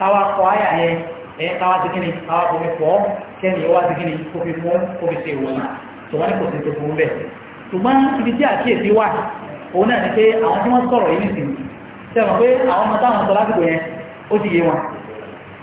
táwa kọ àyà yẹn ẹ̀ táwa ti gíní táwa kò fi fọ́ kẹ́ni ìwà ti gíní kò fi fún kò fi ṣe ìwòyìn ṣùgbọ́n kò sí tó burú bẹ́ẹ̀ ṣùgbọ́n ibi tí àkíyèsí wà òun náà ni pé àwọn tí wọ́n sọ̀rọ̀ yìí nìsín sẹ́wọ̀n pé àwọn ọmọ táwọn sọ lásìkò yẹn ó ti yé wọn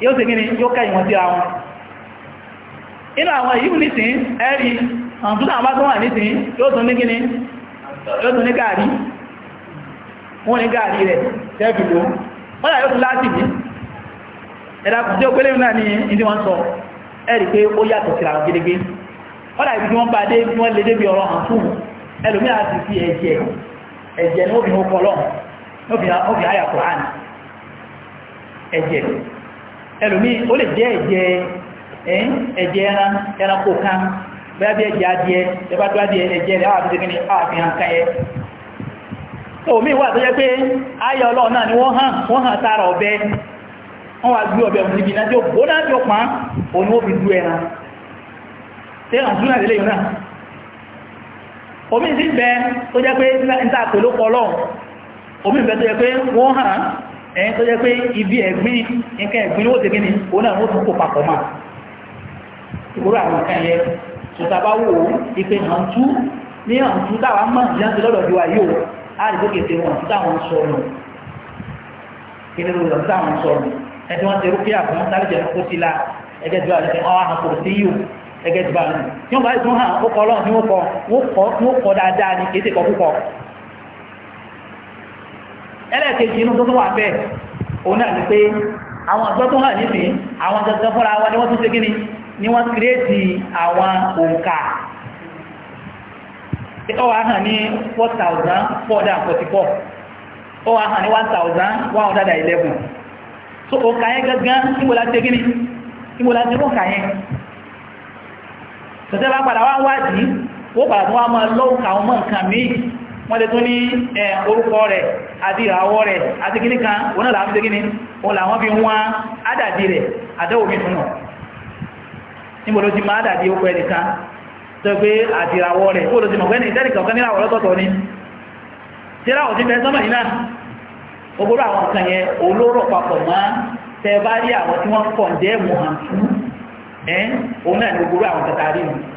yóò sì gíní yóò kẹ́ ìwọ̀n sí àwọn inú àwọn èyí nìsìn ẹ̀rí ọ̀tún bá tó wà nìsìn yóò tún ní gíní yóò tún ní gààrí wọ́n ní gààrí rẹ̀ tẹ́bìlò wọ́n yóò tún láti bí ẹ̀dàkùn tí ó pélé náà ní ìdí wọ́n sọ ẹ̀rí pé ó yàtọ̀ sí àwọn gédégé wọ́n ibi wọ́n bá dé wọ́n lè débi ọ̀rọ̀ hàn ẹlòmí ẹlòmí ó lè jẹ́ ẹ̀jẹ̀ ẹ̀jẹ̀ ẹran ẹranko kan bẹ́ẹ̀ bí ẹ̀jẹ̀ adìẹ ẹbá tó adìẹ ẹ̀jẹ̀ rẹ̀ àwọn àti gẹ́gẹ́ àfihàn kan yẹ wà tó jẹ́ pé náà ni wọ́n hàn wọ́n hàn sára wọ́n náà tí ó tí ó fi dú ẹran tí lè yìí náà omi sí bẹ tó jẹ́ pé omi bẹ tó jẹ́ pé wọ́n hàn ẹ̀yìn tó jẹ́ pé ibi ẹ̀gbìn nǹkan ẹ̀gbìn ló ti gíní òun náà ó tún kò papọ̀ mọ́ ìgbóró àwọn nǹkan yẹ ṣùgbọ́n tá bá wò ó ipe hàn tú ní hàn tú táwa mọ̀ ìyáǹtí lọ́dọ̀ bí wa yóò á rí bókè tí wọn táwọn ń sọ̀rọ̀ kíni ló lọ táwọn ń sọ̀rọ̀ ẹni wọn ti rúkìá fún sálẹ̀jẹ̀ ní kó ti la ẹgẹ́ tí wà ní ọwọ́ àwọn kò sí yìí ẹgẹ́ tí wà ẹlẹ́ẹ̀kejì inú tó tún wà bẹ́ẹ̀ òun náà ni pé àwọn àgbọ́ tó hàn nísìn àwọn gangan fúnra wọn ni wọ́n tún ṣe kíni ni wọ́n kírètì àwọn òǹkà ó wà hàn ní 4444 ó wà hàn ní 1111 so òǹkà yẹn gangan níbo la ṣe kíni níbo la ṣe òǹkà yẹn tọ́tẹ́ bá padà wá wádìí ó padà tó wá máa lọ́ǹkà ọmọ nǹkan míì wọ́n lè tún ní orúkọ rẹ̀ àti ìràwọ̀ rẹ̀ àti kíní kan wọ́n náà láàrín kíní wọ́n làwọn fi wọ́n ádàdì rẹ̀ àdẹ́wòmí túnà níbo ló ti máa ádàdì ó pẹ́ nìkan tó pé àti ìràwọ̀ rẹ̀ kó ló ti mọ̀ pẹ́ ní ìtẹ́nìkan kan níláwọ̀ lọ́tọ̀ọ̀tọ̀ ni tíráwọ̀ ti bẹ́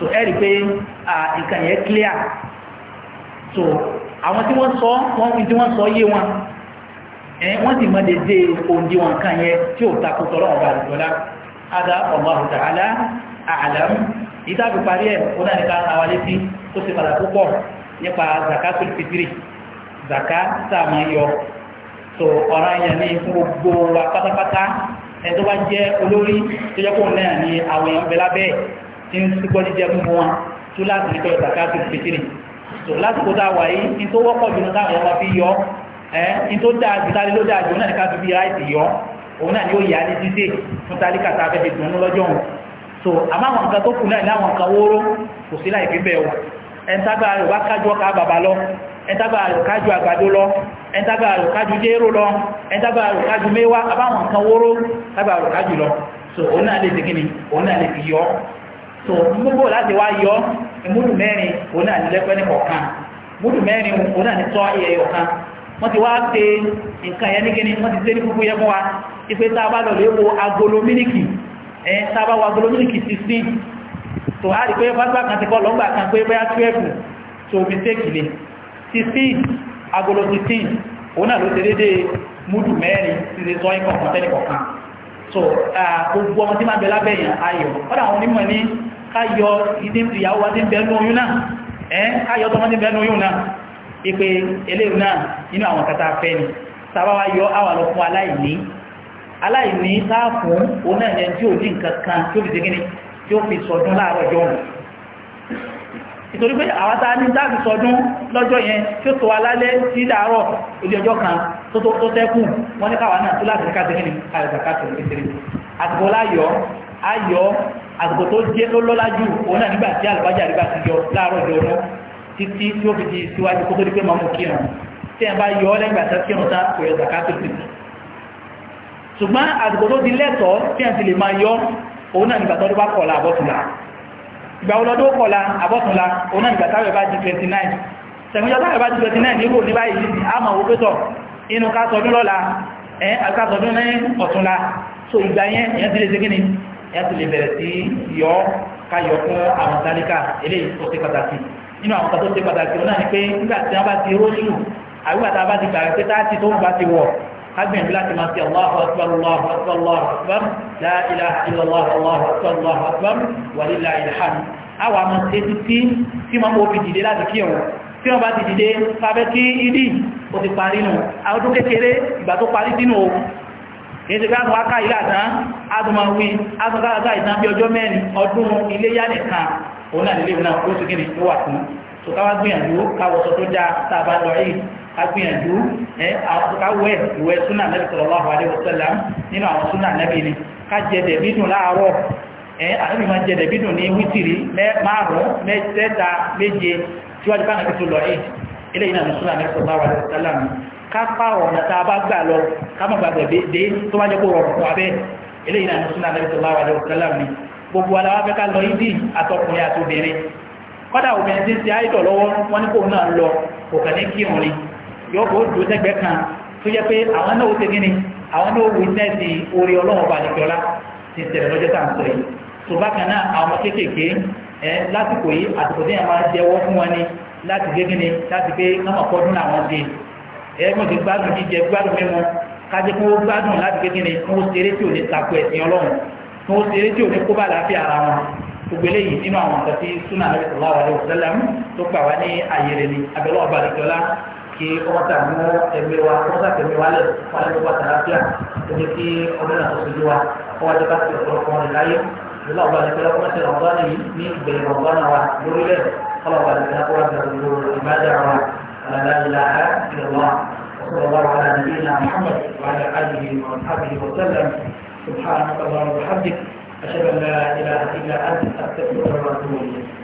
so ẹ̀rí pé nǹkan yẹn clear so àwọn tí wọ́n sọ wọ́n tí wọ́n sọ yé wọn ẹ̀ wọ́n sì mọ́ dédé òǹdí wọn kan yẹn tí ò takò tọ́lọ́ ọ̀gá àdìjọ́lá ada Allahu ta'ala a'lam ìtàbí parí ẹ̀ ó náà nípa àwọn létí ó sì padà púpọ̀ nípa zakatul fitri zaka sáàmà yọ so ọ̀rọ̀ yẹn ní gbogbo wa pátápátá ẹ̀ tó bá jẹ́ olórí tó jẹ́ kóun náà ní àwọn èèyàn ní sípọ́ jíjẹ fún wọn tó láti ní kọlọ̀ zaka tó fitiri tó láti kó dáa wáyé ní tó wọ́pọ̀ jù náà táwọn ọmọ fi yọ ẹ ní tó dáa jù tálẹ́ ló dáa jù náà ní ká fi bí ráìtì yọ òun náà ni ó yà á ní dídè fún tálíkà tá a fẹ́ fi dùn ún lọ́jọ́ òun so àmọ́ àwọn nǹkan tó kù náà ní àwọn nǹkan wóró kò sí láì fi bẹ́ẹ̀ wọ̀ ẹ̀ntàgbà rẹ̀ wá kájú ọkà bàbá lọ ẹ̀ntàgbà rẹ̀ kájú àgbàdo lọ ẹ̀ntàgbà rẹ̀ kájú jérò lọ ẹ̀ntàgbà rẹ̀ kájú mẹ́wàá àbáwọn nǹkan wóró tàgbà rẹ̀ kájú lọ so òun náà lè tẹ́kíní òun náà lè fi yọ tó gbogbo láti wá yọ múdù mẹ́rin òun náà ní lẹ́pẹ́ ní kọ̀ọ̀kan múdù mẹ́rin òun náà ní tọ́ ẹyẹ ọ̀kan wọ́n ti wá ṣe nǹkan yẹn ní kíní wọ́n ti ṣe ní kúkú yẹ fún wa ipe tá a bá lọ léwo agolo mílìkì ẹ̀ tá a bá wọ agolo mílìkì ti sí tó a rí pé fásitì kan ti kọ́ lọ́gbà kan pé bóyá twelve tó mistake le sixteen agolo sixteen òun náà ló ṣe déédéé múdù mẹ́rin ti so uh, gbogbo ọmọ tí máa bẹ lábẹ́ yẹn ayọ̀ ọ́dá àwọn onímọ̀ ní káyọ ìyàwó wa tí ń bẹ ní oyún náà ẹ́ káyọ tọmọ tí ń bẹ ní oyún náà ipé eléyìí náà nínú àwọn kata afẹ́ ni sábáwá yọ àwà lọ fún aláìní aláìní sáà fún onáà ìtorí pé àwátá ní dáàbì sọdún lọ́jọ́ yẹn tí ó tó alálẹ́ sí ìdáàrọ̀ ilé ọjọ́ kan tó tó tẹ́kù wọ́n ní káwà náà tó láti ríkà tẹ́kì ní àìsàkàtì ìpẹ̀tẹ̀rẹ̀ àsìkò láyọ̀ ayọ̀ àsìkò tó jẹ́ tó lọ́lá jù òun náà nígbà tí àlùbájà rí bá ti yọ láàárọ̀ ìjọ ọdún títí tí ó fi di síwájú kó tó di pé máa mú kírun tí ẹ bá yọ lẹ́gbà tó kírun tá kò yọ zakato sí ṣùgbọ́n àsìkò tó di lẹ́tọ̀ọ́ tí ẹ ti lè máa yọ òun náà nígbà tó bá kọ̀ làbọ̀ ìgbà ọlọ́dún kọ̀la àbọ̀túnla òun náà ìgbà táwẹ̀ bá di 29 tẹ̀míjọ́ táwẹ̀ bá di 29 nígbò ní báyìí a mọ̀ wó pẹ́tọ̀ inú so ìgbà yẹn èyàn ti lè ṣe kíni èyàn ti lè bẹ̀rẹ̀ sí yọ káyọ fún àwọn tálíkà eléyìí tó ṣe pàtàkì nínú àwọn kan tó ṣe pàtàkì náà ni pé nígbà wọ́n bá ti róṣù àbígbà tá bá ti gbà pé táàtì tó ń bá ti wọ̀ agbẹ̀yìn láti máa fi Allahu akbar Allahu akbar Allahu akbar la ilaha illallah Allahu akbar Allahu akbar wa lillahil hamd àwọn àmọ́ ṣe títí tí wọ́n mọ́ fi dìde láti kí ọ̀rọ̀ tí wọ́n bá ti dìde sábẹ́ kí ìdí ó ti parí nù àwọn tó kékeré ìgbà tó parí sínú ohun èyí ti gbáàmù wákà ilé àtàn adùnmọ̀wí agbìyànjú káwẹ́ ìwẹ́ súnà nẹ́bí sallallahu alaihi wasallam nínú àwọn súnà nẹ́bí ni ká jẹ́dẹ̀ bídùn láàárọ̀ ànábì máa jẹ́dẹ̀ bídùn ní wítìrí márùn-ún mẹ́tẹ́ta méje síwájú bá nàbí tó lọ ẹ̀ ilé ìnàmì tí ṣe àìdọ̀ lọ́wọ́ wọn ní kò náà lọ kò ní kírun ni yóò kó dùn sẹ́gbẹ́ kan tó jẹ́ pé àwọn náà ó ti gíní àwọn náà ó wí nẹ́ẹ̀sì orí ọlọ́run bá ní kíọ́lá ti tẹ̀lé lọ́jọ́ tá à ń sọ yìí tó bákan náà àwọn kéékèèké ẹ lásìkò yìí àsìkò tí yẹn máa jẹ́wọ́ fún wọn ni láti gé gíní láti pé náà kọ́dún làwọn dé ẹ mọ̀ sí gbádùn jíjẹ gbádùn mímu kájẹ́ kó gbádùn láti gé gíní kó ṣeré tí ò ní takò ẹ̀sìn nínú àwọn nǹkan súnà àlẹ́ sọ̀lá wàlẹ́ òṣèlú tó gbà ní àyèrè ni abẹ́lẹ́ ọba kí ọmọ tí a mú ẹmí wa ọmọ tí a tẹ̀mí wa lẹ̀ wà lẹ́nu wa tàlàfíà ẹni tí ọmọ náà tó sojú wa ọwọ́ ajẹ́ bá ti ọ̀pọ̀lọpọ̀ wọn láyé ìlú àwọn àti ìpínlẹ̀ ọmọ tí a bá nìyí ní ìgbẹ̀yìn ọ̀gbọ́n náà wa lórí lẹ̀ ọlọ́wọ́ àti ìpínlẹ̀ ọmọ tí a gbogbo ìbájà wa aláàlá ìlọ́wọ́ وصلى الله على نبينا محمد وعلى اله وصحبه وسلم سبحانك اللهم وبحمدك اشهد ان لا اله الا انت استغفرك واتوب اليك